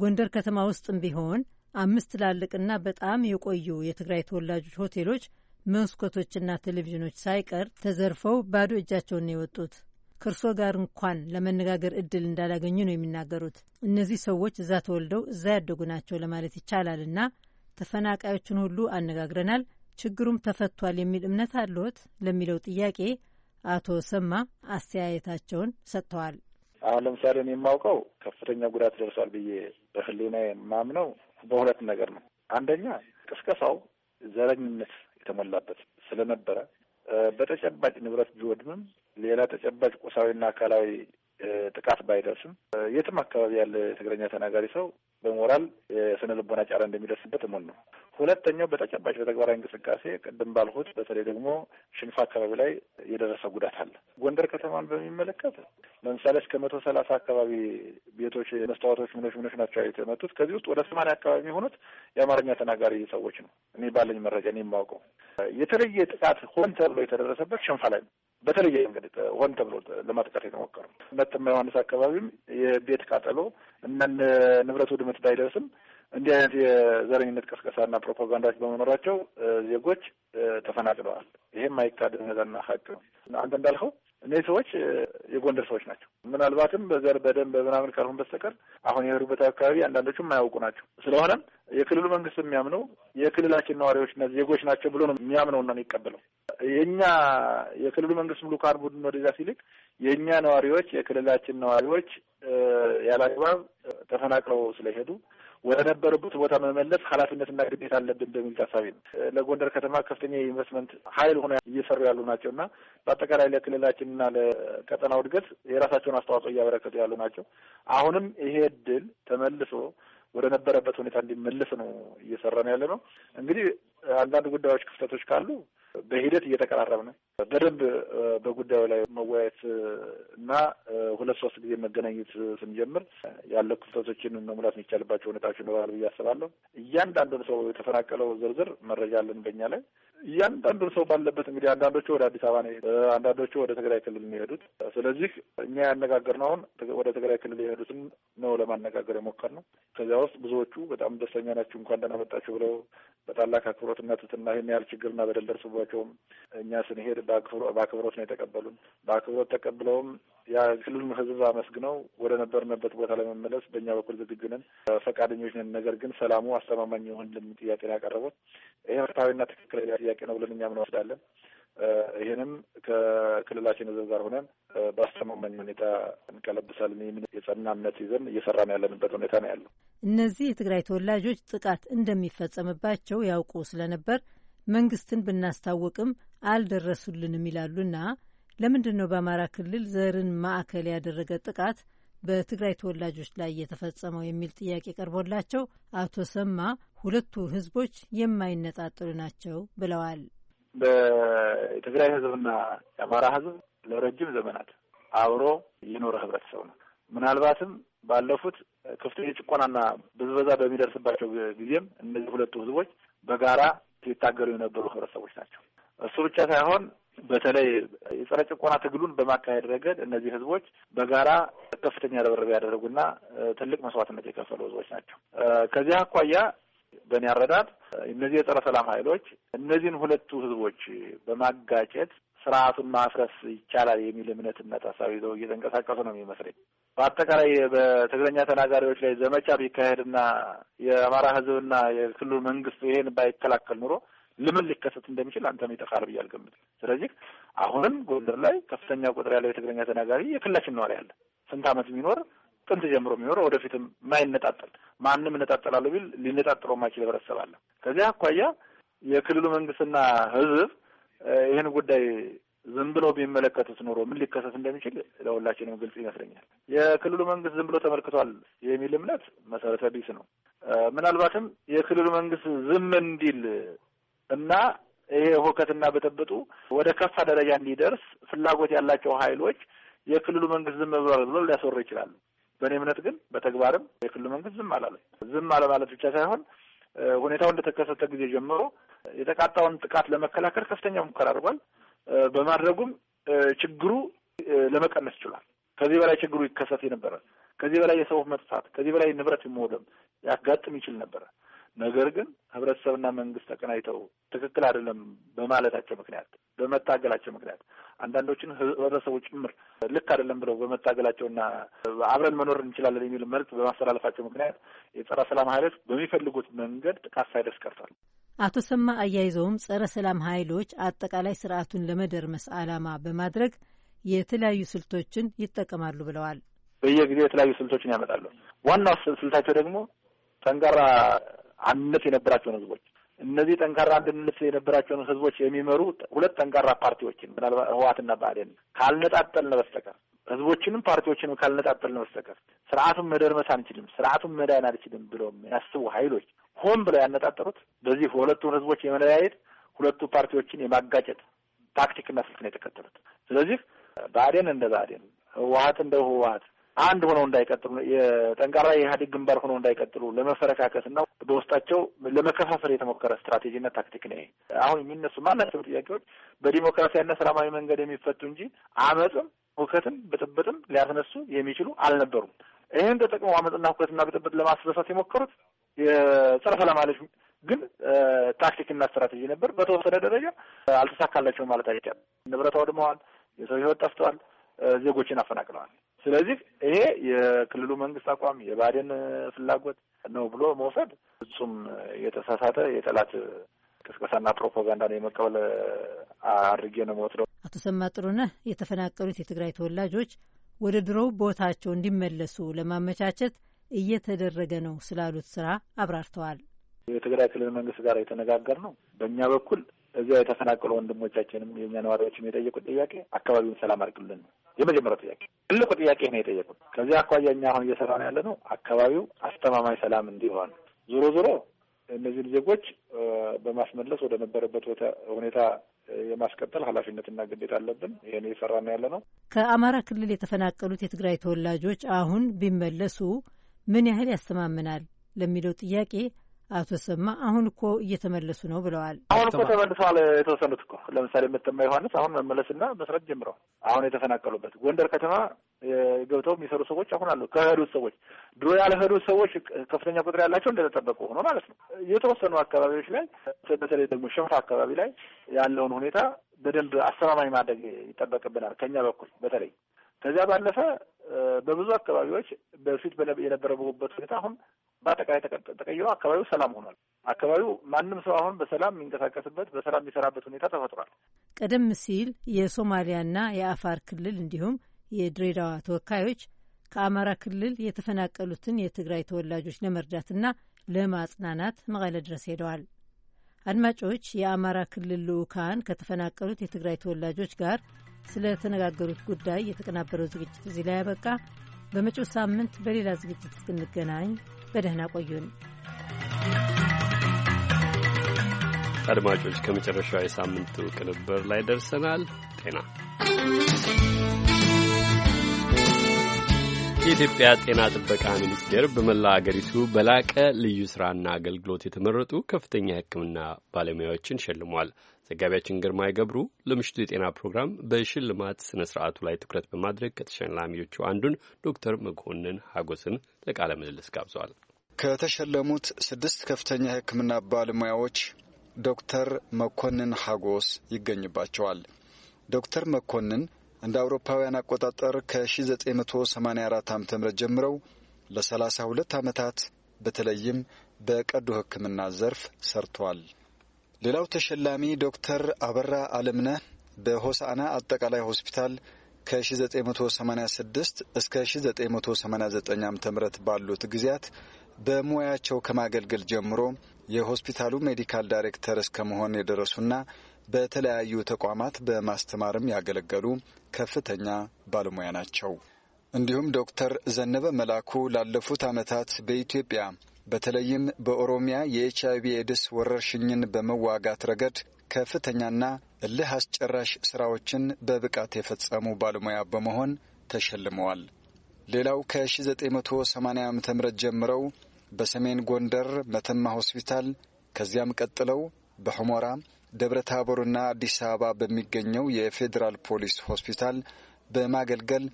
ጎንደር ከተማ ውስጥም ቢሆን አምስት ትላልቅና በጣም የቆዩ የትግራይ ተወላጆች ሆቴሎች መስኮቶችና ቴሌቪዥኖች ሳይቀር ተዘርፈው ባዶ እጃቸውን የወጡት። ከእርሶ ጋር እንኳን ለመነጋገር እድል እንዳላገኙ ነው የሚናገሩት። እነዚህ ሰዎች እዛ ተወልደው እዛ ያደጉ ናቸው ለማለት ይቻላልና ተፈናቃዮችን ሁሉ አነጋግረናል፣ ችግሩም ተፈቷል የሚል እምነት አለዎት ለሚለው ጥያቄ አቶ ሰማ አስተያየታቸውን ሰጥተዋል።
አሁን ለምሳሌ እኔ የማውቀው ከፍተኛ ጉዳት ደርሷል ብዬ በህሊና የማምነው በሁለት ነገር ነው። አንደኛ ቅስቀሳው ዘረኝነት የተሞላበት ስለነበረ በተጨባጭ ንብረት ቢወድምም ሌላ ተጨባጭ ቁሳዊና አካላዊ ጥቃት ባይደርስም የትም አካባቢ ያለ ትግረኛ ተናጋሪ ሰው በሞራል የስነ ልቦና ጫራ እንደሚደርስበት እሙን ነው። ሁለተኛው በተጨባጭ በተግባራዊ እንቅስቃሴ ቅድም ባልሁት በተለይ ደግሞ ሽንፋ አካባቢ ላይ የደረሰ ጉዳት አለ። ጎንደር ከተማን በሚመለከት ለምሳሌ እስከ መቶ ሰላሳ አካባቢ ቤቶች፣ መስታወቶች፣ ምኖች ምኖች ናቸው የተመቱት። ከዚህ ውስጥ ወደ ሰማንያ አካባቢ የሚሆኑት የአማርኛ ተናጋሪ ሰዎች ነው። እኔ ባለኝ መረጃ እኔ የማውቀው የተለየ ጥቃት ሆን ተብሎ የተደረሰበት ሽንፋ ላይ ነው። በተለየ መንገድ ሆን ተብሎ ለማጥቃት የተሞከሩ መተማ ዮሐንስ አካባቢም የቤት ቃጠሎ እና ንብረቱ ውድመት ባይደርስም እንዲህ አይነት የዘረኝነት ቀስቀሳና ፕሮፓጋንዳዎች በመኖራቸው ዜጎች ተፈናቅለዋል። ይሄም አይካድ እውነታና ሀቅ ነው። አንተ እንዳልኸው እነዚህ ሰዎች የጎንደር ሰዎች ናቸው። ምናልባትም በዘር በደንብ በምናምን ካልሆን በስተቀር አሁን የሄዱበት አካባቢ አንዳንዶቹ የማያውቁ ናቸው። ስለሆነም የክልሉ መንግስት የሚያምነው የክልላችን ነዋሪዎች እና ዜጎች ናቸው ብሎ ነው የሚያምነውና የሚቀበለው። የእኛ የክልሉ መንግስት ልኡካን ቡድን ወደዚያ ሲልክ የእኛ ነዋሪዎች የክልላችን ነዋሪዎች ያለ አግባብ ተፈናቅለው ስለሄዱ ወደ ነበረበት ቦታ መመለስ ኃላፊነትና ግዴታ አለብን በሚል ታሳቢ ነው ለጎንደር ከተማ ከፍተኛ የኢንቨስትመንት ኃይል ሆነ እየሰሩ ያሉ ናቸው እና በአጠቃላይ ለክልላችንና ለቀጠናው እድገት የራሳቸውን አስተዋጽኦ እያበረከቱ ያሉ ናቸው። አሁንም ይሄ እድል ተመልሶ ወደ ነበረበት ሁኔታ እንዲመልስ ነው እየሰራ ነው ያለ ነው። እንግዲህ አንዳንድ ጉዳዮች ክፍተቶች ካሉ በሂደት እየተቀራረብን በደንብ በጉዳዩ ላይ መወያየት እና ሁለት ሶስት ጊዜ መገናኘት ስንጀምር ያለ ክፍተቶችን መሙላት የሚቻልባቸው ሁኔታዎች ይኖራል ብዬ አስባለሁ። እያንዳንዱን ሰው የተፈናቀለው ዝርዝር መረጃ አለን በኛ ላይ እያንዳንዱ ሰው ባለበት እንግዲህ አንዳንዶቹ ወደ አዲስ አበባ ነው አንዳንዶቹ ወደ ትግራይ ክልል ነው የሄዱት። ስለዚህ እኛ ያነጋገርነው አሁን ወደ ትግራይ ክልል የሄዱትን ነው ለማነጋገር የሞከርነው። ከዚያ ውስጥ ብዙዎቹ በጣም ደስተኛ ናቸው፣ እንኳን ደህና መጣችሁ ብለው በታላቅ አክብሮትና ትህትና ይህን ያህል ችግርና በደል ደርሶባቸውም እኛ ስንሄድ በአክብሮት ነው የተቀበሉን። በአክብሮት ተቀብለውም የክልሉን ሕዝብ አመስግነው ወደ ነበርንበት ቦታ ለመመለስ በእኛ በኩል ዝግጁ ነን፣ ፈቃደኞች ነን፣ ነገር ግን ሰላሙ አስተማማኝ የሆንልን ጥያቄ ነው ያቀረቡት። ይህ ፍትሐዊና ትክክለኛ ጥያቄ ነው ብለን እኛም እንወስዳለን። ይህንም ከክልላችን ሕዝብ ጋር ሆነን በአስተማማኝ ሁኔታ እንቀለብሳለን የሚል የጸና እምነት ይዘን እየሰራን ያለንበት ሁኔታ ነው ያለው።
እነዚህ የትግራይ ተወላጆች ጥቃት እንደሚፈጸምባቸው ያውቁ ስለነበር መንግስትን ብናስታወቅም አልደረሱልንም ይላሉና ለምንድን ነው በአማራ ክልል ዘርን ማዕከል ያደረገ ጥቃት በትግራይ ተወላጆች ላይ የተፈጸመው የሚል ጥያቄ ቀርቦላቸው አቶ ሰማ ሁለቱ ህዝቦች የማይነጣጠሉ ናቸው ብለዋል።
በትግራይ ህዝብና የአማራ ህዝብ ለረጅም ዘመናት አብሮ የኖረ ህብረተሰብ ነው። ምናልባትም ባለፉት ክፍት የጭቆናና ብዝበዛ በሚደርስባቸው ጊዜም እነዚህ ሁለቱ ህዝቦች በጋራ ሲታገሉ የነበሩ ህብረተሰቦች ናቸው። እሱ ብቻ ሳይሆን በተለይ የጸረ ጭቆና ትግሉን በማካሄድ ረገድ እነዚህ ህዝቦች በጋራ ከፍተኛ ርብርብ ያደረጉና ትልቅ መስዋዕትነት የከፈሉ ህዝቦች ናቸው። ከዚህ አኳያ በእኔ አረዳድ እነዚህ የጸረ ሰላም ኃይሎች እነዚህን ሁለቱ ህዝቦች በማጋጨት ስርዓቱን ማፍረስ ይቻላል የሚል እምነትና ታሳቢ ይዘው እየተንቀሳቀሱ ነው የሚመስለኝ። በአጠቃላይ በትግረኛ ተናጋሪዎች ላይ ዘመቻ ቢካሄድና የአማራ ህዝብና የክልሉ መንግስት ይሄን ባይከላከል ኑሮ ልምን ሊከሰት እንደሚችል አንተም የተካረ ብዬ አልገምትም። ስለዚህ አሁንም ጎንደር ላይ ከፍተኛ ቁጥር ያለው የትግርኛ ተናጋሪ የክላችን ነዋሪ ያለ ስንት ዓመት የሚኖር ጥንት ጀምሮ የሚኖር ወደፊትም ማይነጣጠል ማንም እነጣጠላሉ ቢል ሊነጣጥለው ማይችል ህብረተሰብ አለ። ከዚህ አኳያ የክልሉ መንግስትና ህዝብ ይህን ጉዳይ ዝም ብሎ ቢመለከቱት ኖሮ ምን ሊከሰት እንደሚችል ለሁላችንም ግልጽ ይመስለኛል። የክልሉ መንግስት ዝም ብሎ ተመልክቷል የሚል እምነት መሰረተ ቢስ ነው። ምናልባትም የክልሉ መንግስት ዝም እንዲል እና ይሄ ሁከትና ብጥብጡ ወደ ከፋ ደረጃ እንዲደርስ ፍላጎት ያላቸው ኃይሎች የክልሉ መንግስት ዝም ብሎ ሊያስወሩ ይችላሉ። በእኔ እምነት ግን በተግባርም የክልሉ መንግስት ዝም አላለ። ዝም አለማለት ብቻ ሳይሆን ሁኔታው እንደተከሰተ ጊዜ ጀምሮ የተቃጣውን ጥቃት ለመከላከል ከፍተኛ ሙከራ አድርጓል። በማድረጉም ችግሩ ለመቀነስ ይችላል። ከዚህ በላይ ችግሩ ይከሰት የነበረ ከዚህ በላይ የሰው መጥፋት፣ ከዚህ በላይ ንብረት መውደም ያጋጥም ይችል ነበረ። ነገር ግን ህብረተሰብና መንግስት ተቀናይተው ትክክል አይደለም በማለታቸው ምክንያት በመታገላቸው ምክንያት አንዳንዶችን ህብረተሰቡ ጭምር ልክ አይደለም ብለው በመታገላቸውና አብረን መኖር እንችላለን የሚል መልዕክት በማስተላለፋቸው ምክንያት የጸረ ሰላም ኃይሎች በሚፈልጉት መንገድ ጥቃት ሳይደርስ
ቀርቷል። አቶ ሰማ አያይዘውም ጸረ ሰላም ኃይሎች አጠቃላይ ስርዓቱን ለመደርመስ ዓላማ በማድረግ የተለያዩ ስልቶችን ይጠቀማሉ ብለዋል።
በየጊዜው የተለያዩ ስልቶችን ያመጣሉ። ዋናው ስልታቸው ደግሞ ጠንካራ አንድነት የነበራቸውን ህዝቦች እነዚህ ጠንካራ አንድነት የነበራቸውን ህዝቦች የሚመሩ ሁለት ጠንካራ ፓርቲዎችን ምናልባት ህወሓትና ብአዴን ካልነጣጠልን በስተቀር ህዝቦችንም ፓርቲዎችንም ካልነጣጠልን በስተቀር ስርዓቱን መደርመስ አንችልም፣ ስርዓቱን መዳን አልችልም ብለው የሚያስቡ ሀይሎች ሆን ብለው ያነጣጠሩት በዚህ ሁለቱን ህዝቦች የመለያየት ሁለቱ ፓርቲዎችን የማጋጨት ታክቲክና ስልት ነው የተከተሉት። ስለዚህ ብአዴን እንደ ብአዴን፣ ህወሓት እንደ ህወሓት አንድ ሆነው እንዳይቀጥሉ የጠንካራ የኢህአዴግ ግንባር ሆነው እንዳይቀጥሉ ለመፈረካከስ እና በውስጣቸው ለመከፋፈል የተሞከረ ስትራቴጂና ታክቲክ ነው። አሁን የሚነሱ ማናቸው ጥያቄዎች በዲሞክራሲያና ሰላማዊ መንገድ የሚፈቱ እንጂ አመፅም ሁከትም ብጥብጥም ሊያስነሱ የሚችሉ አልነበሩም። ይህን ተጠቅመው አመፅና ሁከትና ብጥብጥ ለማስበሳት የሞከሩት የጸረ ሰላም ኃይሎች ግን ታክቲክና ስትራቴጂ ነበር። በተወሰነ ደረጃ አልተሳካላቸው ማለት አይቻልም። ንብረት ወድመዋል። የሰው ህይወት ጠፍተዋል። ዜጎችን አፈናቅለዋል። ስለዚህ ይሄ የክልሉ መንግስት አቋም የባዴን ፍላጎት ነው ብሎ መውሰድ ፍጹም የተሳሳተ የጠላት ቅስቀሳና ፕሮፓጋንዳ ነው የመቀበል አድርጌ ነው መወስደው።
አቶ ሰማ ጥሩነህ የተፈናቀሉት የትግራይ ተወላጆች ወደ ድሮው ቦታቸው እንዲመለሱ ለማመቻቸት እየተደረገ ነው ስላሉት ስራ አብራርተዋል።
የትግራይ ክልል መንግስት ጋር የተነጋገር ነው በእኛ በኩል እዚያ የተፈናቀሉ ወንድሞቻችንም የእኛ ነዋሪዎችም የጠየቁት ጥያቄ አካባቢውን ሰላም አድርግልን ነው የመጀመሪያው ጥያቄ። ትልቁ ጥያቄ ነው የጠየቁት። ከዚያ አኳያ እኛ አሁን እየሰራ ነው ያለ ነው አካባቢው አስተማማኝ ሰላም እንዲሆን ዞሮ ዞሮ እነዚህን ዜጎች በማስመለስ ወደ ነበረበት ሁኔታ የማስቀጠል ኃላፊነትና ግዴታ አለብን። ይህን እየሰራ ነው ያለ ነው።
ከአማራ ክልል የተፈናቀሉት የትግራይ ተወላጆች አሁን ቢመለሱ ምን ያህል ያስተማምናል ለሚለው ጥያቄ አቶ ሰማ አሁን እኮ እየተመለሱ ነው ብለዋል። አሁን እኮ ተመልሰዋል።
የተወሰኑት እኮ ለምሳሌ መተማ ዮሐንስ አሁን መመለስና መስራት ጀምረዋል። አሁን የተፈናቀሉበት ጎንደር ከተማ ገብተው የሚሰሩ ሰዎች አሁን አሉ። ከህዱት ሰዎች ድሮ ያልህዱት ሰዎች ከፍተኛ ቁጥር ያላቸው እንደተጠበቁ ሆኖ ማለት ነው። የተወሰኑ አካባቢዎች ላይ በተለይ ደግሞ ሸንፋ አካባቢ ላይ ያለውን ሁኔታ በደንብ አስተማማኝ ማድረግ ይጠበቅብናል ከኛ በኩል በተለይ ከዚያ ባለፈ በብዙ አካባቢዎች በፊት የነበረበት ሁኔታ አሁን በአጠቃላይ ተቀይሮ አካባቢው ሰላም ሆኗል። አካባቢው ማንም ሰው አሁን በሰላም የሚንቀሳቀስበት በሰላም የሚሰራበት ሁኔታ ተፈጥሯል።
ቀደም ሲል የሶማሊያና የአፋር ክልል እንዲሁም የድሬዳዋ ተወካዮች ከአማራ ክልል የተፈናቀሉትን የትግራይ ተወላጆች ለመርዳትና ለማጽናናት መቀለ ድረስ ሄደዋል። አድማጮች፣ የአማራ ክልል ልዑካን ከተፈናቀሉት የትግራይ ተወላጆች ጋር ስለተነጋገሩት ጉዳይ የተቀናበረው ዝግጅት እዚህ ላይ ያበቃ። በመጪው ሳምንት በሌላ ዝግጅት እስክንገናኝ በደህና ቆዩን።
አድማጮች ከመጨረሻው የሳምንቱ ቅንብር ላይ ደርሰናል። ጤና የኢትዮጵያ ጤና ጥበቃ ሚኒስቴር በመላ አገሪቱ በላቀ ልዩ ስራና አገልግሎት የተመረጡ ከፍተኛ የሕክምና ባለሙያዎችን ሸልሟል። ዘጋቢያችን ግርማ ይገብሩ ለምሽቱ የጤና ፕሮግራም በሽልማት ስነ ስርዓቱ ላይ ትኩረት በማድረግ ከተሸላሚዎቹ አንዱን ዶክተር መኮንን ሀጎስን ለቃለ ምልልስ ጋብዘዋል።
ከተሸለሙት ስድስት ከፍተኛ የሕክምና ባለሙያዎች ዶክተር መኮንን ሀጎስ ይገኝባቸዋል። ዶክተር መኮንን እንደ አውሮፓውያን አቆጣጠር ከ1984 ዓ ም ጀምረው ለ32 ዓመታት በተለይም በቀዶ ሕክምና ዘርፍ ሰርተዋል። ሌላው ተሸላሚ ዶክተር አበራ አለምነህ በሆሳና አጠቃላይ ሆስፒታል ከ1986 እስከ 1989 ዓ ም ባሉት ጊዜያት በሙያቸው ከማገልገል ጀምሮ የሆስፒታሉ ሜዲካል ዳይሬክተር እስከ መሆን የደረሱና በተለያዩ ተቋማት በማስተማርም ያገለገሉ ከፍተኛ ባለሙያ ናቸው። እንዲሁም ዶክተር ዘነበ መላኩ ላለፉት ዓመታት በኢትዮጵያ በተለይም በኦሮሚያ የኤች አይቪ ኤድስ ወረርሽኝን በመዋጋት ረገድ ከፍተኛና እልህ አስጨራሽ ስራዎችን በብቃት የፈጸሙ ባለሙያ በመሆን ተሸልመዋል። ሌላው ከ1980 ዓ ም ጀምረው በሰሜን ጎንደር መተማ ሆስፒታል ከዚያም ቀጥለው በሑመራ ደብረ ታቦርና አዲስ አበባ በሚገኘው የፌዴራል ፖሊስ ሆስፒታል በማገልገል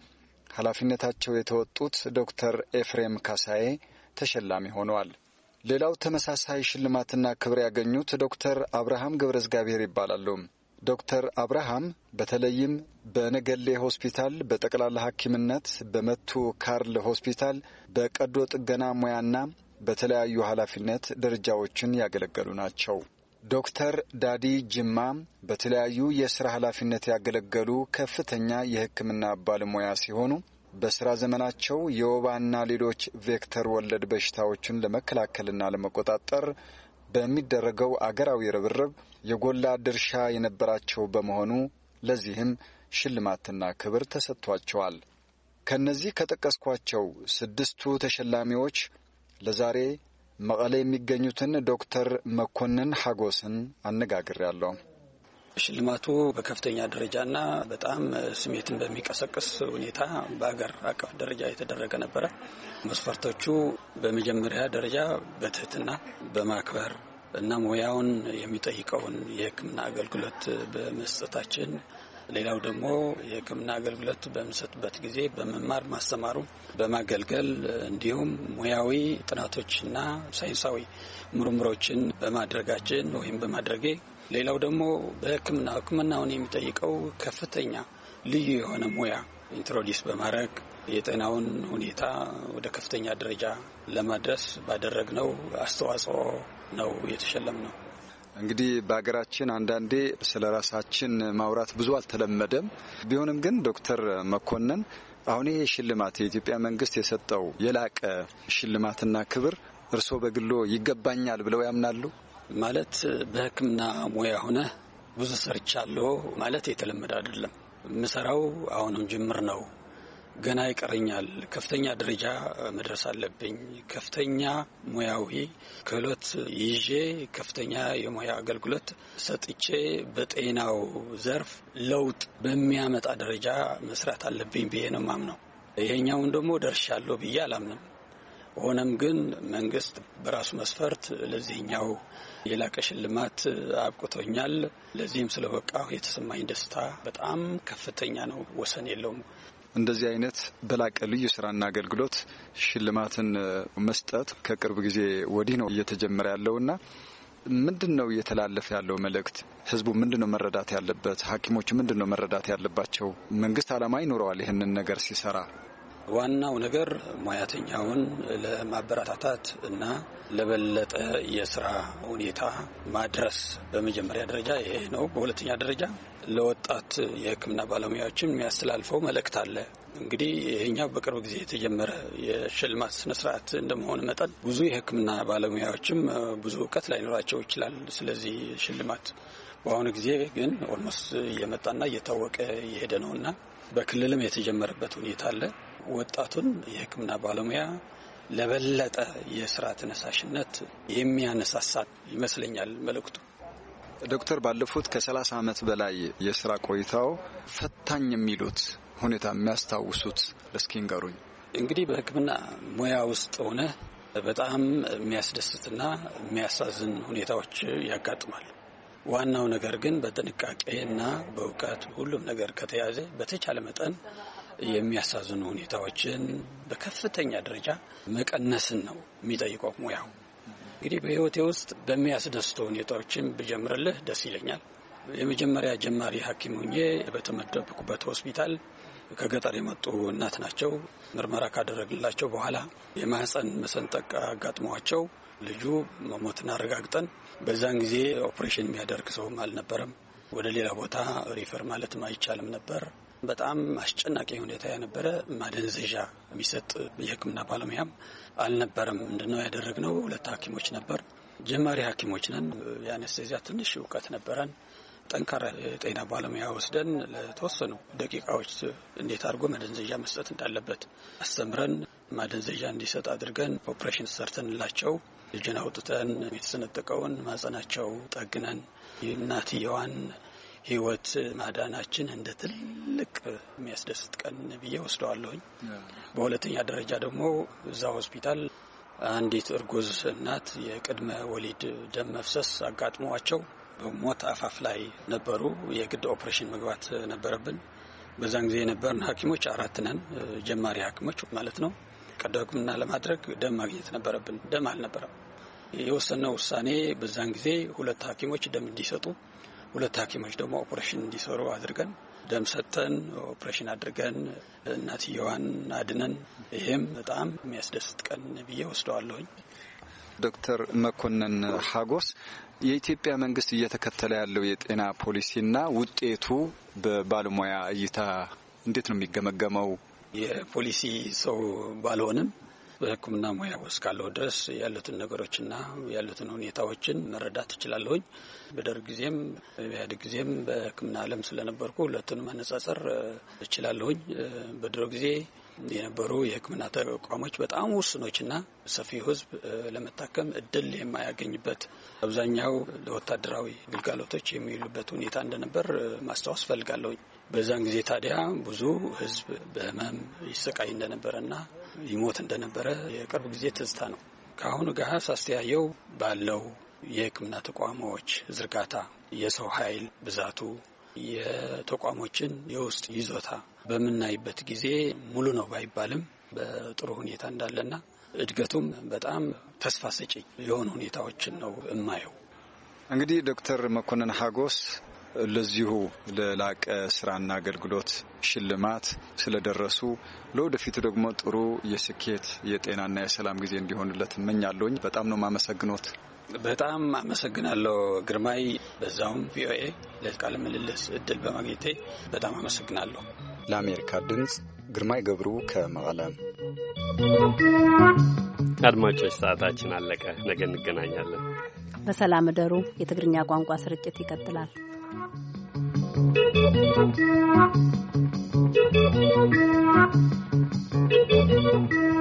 ኃላፊነታቸው የተወጡት ዶክተር ኤፍሬም ካሳዬ ተሸላሚ ሆነዋል። ሌላው ተመሳሳይ ሽልማትና ክብር ያገኙት ዶክተር አብርሃም ገብረ እግዚአብሔር ይባላሉ። ዶክተር አብርሃም በተለይም በነገሌ ሆስፒታል በጠቅላላ ሐኪምነት፣ በመቱ ካርል ሆስፒታል በቀዶ ጥገና ሙያና በተለያዩ ኃላፊነት ደረጃዎችን ያገለገሉ ናቸው። ዶክተር ዳዲ ጅማ በተለያዩ የሥራ ኃላፊነት ያገለገሉ ከፍተኛ የሕክምና ባለሙያ ሲሆኑ በስራ ዘመናቸው የወባና ሌሎች ቬክተር ወለድ በሽታዎችን ለመከላከልና ለመቆጣጠር በሚደረገው አገራዊ ርብርብ የጎላ ድርሻ የነበራቸው በመሆኑ ለዚህም ሽልማትና ክብር ተሰጥቷቸዋል። ከእነዚህ ከጠቀስኳቸው ስድስቱ ተሸላሚዎች ለዛሬ መቀሌ የሚገኙትን ዶክተር
መኮንን ሐጎስን አነጋግሬያለሁ። ሽልማቱ በከፍተኛ ደረጃና በጣም ስሜትን በሚቀሰቅስ ሁኔታ በሀገር አቀፍ ደረጃ የተደረገ ነበረ። መስፈርቶቹ በመጀመሪያ ደረጃ በትህትና በማክበር እና ሙያውን የሚጠይቀውን የሕክምና አገልግሎት በመስጠታችን ሌላው ደግሞ የሕክምና አገልግሎት በምንሰጥበት ጊዜ በመማር ማስተማሩ፣ በማገልገል እንዲሁም ሙያዊ ጥናቶችና ሳይንሳዊ ምርምሮችን በማድረጋችን ወይም በማድረጌ ሌላው ደግሞ በህክምና ህክምናውን የሚጠይቀው ከፍተኛ ልዩ የሆነ ሙያ ኢንትሮዲስ በማድረግ የጤናውን ሁኔታ ወደ ከፍተኛ ደረጃ ለማድረስ ባደረግነው አስተዋጽኦ ነው የተሸለም ነው።
እንግዲህ በሀገራችን አንዳንዴ ስለ ራሳችን ማውራት ብዙ አልተለመደም። ቢሆንም ግን ዶክተር መኮንን አሁን ይሄ ሽልማት የኢትዮጵያ መንግስት የሰጠው የላቀ ሽልማትና ክብር እርስዎ በግሎ ይገባኛል ብለው ያምናሉ?
ማለት በሕክምና ሙያ ሆነ ብዙ ሰርቻለሁ ማለት የተለመደ አይደለም። የምሰራው አሁንም ጅምር ነው። ገና ይቀረኛል። ከፍተኛ ደረጃ መድረስ አለብኝ። ከፍተኛ ሙያዊ ክህሎት ይዤ ከፍተኛ የሙያ አገልግሎት ሰጥቼ በጤናው ዘርፍ ለውጥ በሚያመጣ ደረጃ መስራት አለብኝ ብዬ ነው ማምነው። ይሄኛውን ደግሞ ደርሻለሁ ብዬ አላምንም። ሆነም ግን መንግስት በራሱ መስፈርት ለዚህኛው የላቀ ሽልማት አብቅቶኛል። ለዚህም ስለበቃሁ የተሰማኝ ደስታ በጣም ከፍተኛ ነው፣ ወሰን የለውም። እንደዚህ አይነት በላቀ ልዩ ስራና አገልግሎት
ሽልማትን መስጠት ከቅርብ ጊዜ ወዲህ ነው እየተጀመረ ያለውና ምንድን ነው እየተላለፈ ያለው መልእክት? ህዝቡ ምንድን ነው መረዳት ያለበት? ሐኪሞች ምንድን ነው መረዳት ያለባቸው? መንግስት አላማ ይኖረዋል ይህንን ነገር ሲሰራ
ዋናው ነገር ሙያተኛውን ለማበረታታት እና ለበለጠ የስራ ሁኔታ ማድረስ በመጀመሪያ ደረጃ ይሄ ነው። በሁለተኛ ደረጃ ለወጣት የሕክምና ባለሙያዎችን የሚያስተላልፈው መልእክት አለ። እንግዲህ ይሄኛው በቅርብ ጊዜ የተጀመረ የሽልማት ስነስርዓት እንደመሆን መጠን ብዙ የሕክምና ባለሙያዎችም ብዙ እውቀት ላይኖራቸው ይችላል። ስለዚህ ሽልማት በአሁኑ ጊዜ ግን ኦልሞስት እየመጣና እየታወቀ እየሄደ ነውና በክልልም የተጀመረበት ሁኔታ አለ። ወጣቱን የሕክምና ባለሙያ ለበለጠ የስራ ተነሳሽነት የሚያነሳሳት ይመስለኛል መልእክቱ።
ዶክተር ባለፉት ከ ከሰላሳ ዓመት በላይ የስራ ቆይታው ፈታኝ የሚሉት ሁኔታ የሚያስታውሱት እስኪ ንገሩኝ።
እንግዲህ በህክምና ሙያ ውስጥ ሆነ በጣም የሚያስደስትና የሚያሳዝን ሁኔታዎች ያጋጥማል። ዋናው ነገር ግን በጥንቃቄ እና በእውቀት ሁሉም ነገር ከተያዘ በተቻለ መጠን የሚያሳዝኑ ሁኔታዎችን በከፍተኛ ደረጃ መቀነስን ነው የሚጠይቀው ሙያው። እንግዲህ በህይወቴ ውስጥ በሚያስደስቱ ሁኔታዎችን ብጀምርልህ ደስ ይለኛል። የመጀመሪያ ጀማሪ ሐኪም ሁኜ በተመደብኩበት ሆስፒታል ከገጠር የመጡ እናት ናቸው። ምርመራ ካደረግላቸው በኋላ የማህፀን መሰንጠቅ አጋጥሟቸው ልጁ መሞትን አረጋግጠን በዛን ጊዜ ኦፕሬሽን የሚያደርግ ሰውም አልነበረም። ወደ ሌላ ቦታ ሪፈር ማለትም አይቻልም ነበር። በጣም አስጨናቂ ሁኔታ የነበረ ማደንዘዣ የሚሰጥ የሕክምና ባለሙያም አልነበረም። ምንድነው ያደረግነው? ሁለት ሐኪሞች ነበር። ጀማሪ ሐኪሞች ነን። የአነስተዚያ ትንሽ እውቀት ነበረን። ጠንካራ የጤና ባለሙያ ወስደን ለተወሰኑ ደቂቃዎች እንዴት አድርጎ ማደንዘዣ መስጠት እንዳለበት አስተምረን ማደንዘዣ እንዲሰጥ አድርገን ኦፕሬሽን ሰርተንላቸው ልጅን አውጥተን የተሰነጠቀውን ማጸናቸው ጠግነን እናትየዋን ህይወት ማዳናችን እንደ ትልቅ የሚያስደስት ቀን ብዬ ወስደዋለሁኝ። በሁለተኛ ደረጃ ደግሞ እዛ ሆስፒታል አንዲት እርጉዝ እናት የቅድመ ወሊድ ደም መፍሰስ አጋጥሟቸው በሞት አፋፍ ላይ ነበሩ። የግድ ኦፕሬሽን መግባት ነበረብን። በዛን ጊዜ የነበርን ሐኪሞች አራት ነን፣ ጀማሪ ሐኪሞች ማለት ነው። ቀዶ ሕክምና ለማድረግ ደም ማግኘት ነበረብን። ደም አልነበረም። የወሰነው ውሳኔ በዛን ጊዜ ሁለት ሐኪሞች ደም እንዲሰጡ ሁለት ሐኪሞች ደግሞ ኦፕሬሽን እንዲሰሩ አድርገን ደም ሰጠን፣ ኦፕሬሽን አድርገን እናትየዋን አድነን። ይሄም በጣም የሚያስደስት ቀን ብዬ ወስደዋለሁኝ። ዶክተር መኮንን ሀጎስ
የኢትዮጵያ መንግስት እየተከተለ ያለው የጤና ፖሊሲና ውጤቱ በባለሙያ
እይታ እንዴት ነው የሚገመገመው? የፖሊሲ ሰው ባልሆንም በሕክምና ሙያ ውስጥ ካለው ድረስ ያሉትን ነገሮችና ያሉትን ሁኔታዎችን መረዳት እችላለሁኝ። በደርግ ጊዜም በኢህአዴግ ጊዜም በሕክምና ዓለም ስለነበርኩ ሁለቱን ማነጻጸር እችላለሁኝ። በድሮ ጊዜ የነበሩ የሕክምና ተቋሞች በጣም ውስኖችና ሰፊ ሕዝብ ለመታከም እድል የማያገኝበት አብዛኛው ለወታደራዊ ግልጋሎቶች የሚውሉበት ሁኔታ እንደነበር ማስታወስ ፈልጋለሁኝ። በዛን ጊዜ ታዲያ ብዙ ህዝብ በህመም ይሰቃይ እንደነበረና ይሞት እንደነበረ የቅርብ ጊዜ ትዝታ ነው። ከአሁኑ ጋር ሳስተያየው ባለው የሕክምና ተቋሞች ዝርጋታ፣ የሰው ኃይል ብዛቱ፣ የተቋሞችን የውስጥ ይዞታ በምናይበት ጊዜ ሙሉ ነው ባይባልም በጥሩ ሁኔታ እንዳለና እድገቱም በጣም ተስፋ ሰጪ የሆኑ ሁኔታዎችን ነው የማየው
እንግዲህ ዶክተር መኮንን ሀጎስ ለዚሁ ለላቀ ስራና አገልግሎት ሽልማት ስለደረሱ ለወደፊቱ ደግሞ ጥሩ የስኬት የጤናና የሰላም ጊዜ እንዲሆንለት እመኛለሁኝ። በጣም ነው ማመሰግኖት።
በጣም አመሰግናለሁ ግርማይ፣ በዛውም ቪኦኤ ለቃለ ምልልስ እድል በማግኘቴ በጣም
አመሰግናለሁ። ለአሜሪካ ድምፅ ግርማይ ገብሩ ከመቀለ። አድማጮች ሰዓታችን አለቀ። ነገ እንገናኛለን።
በሰላም እደሩ። የትግርኛ ቋንቋ ስርጭት ይቀጥላል።
Thank you.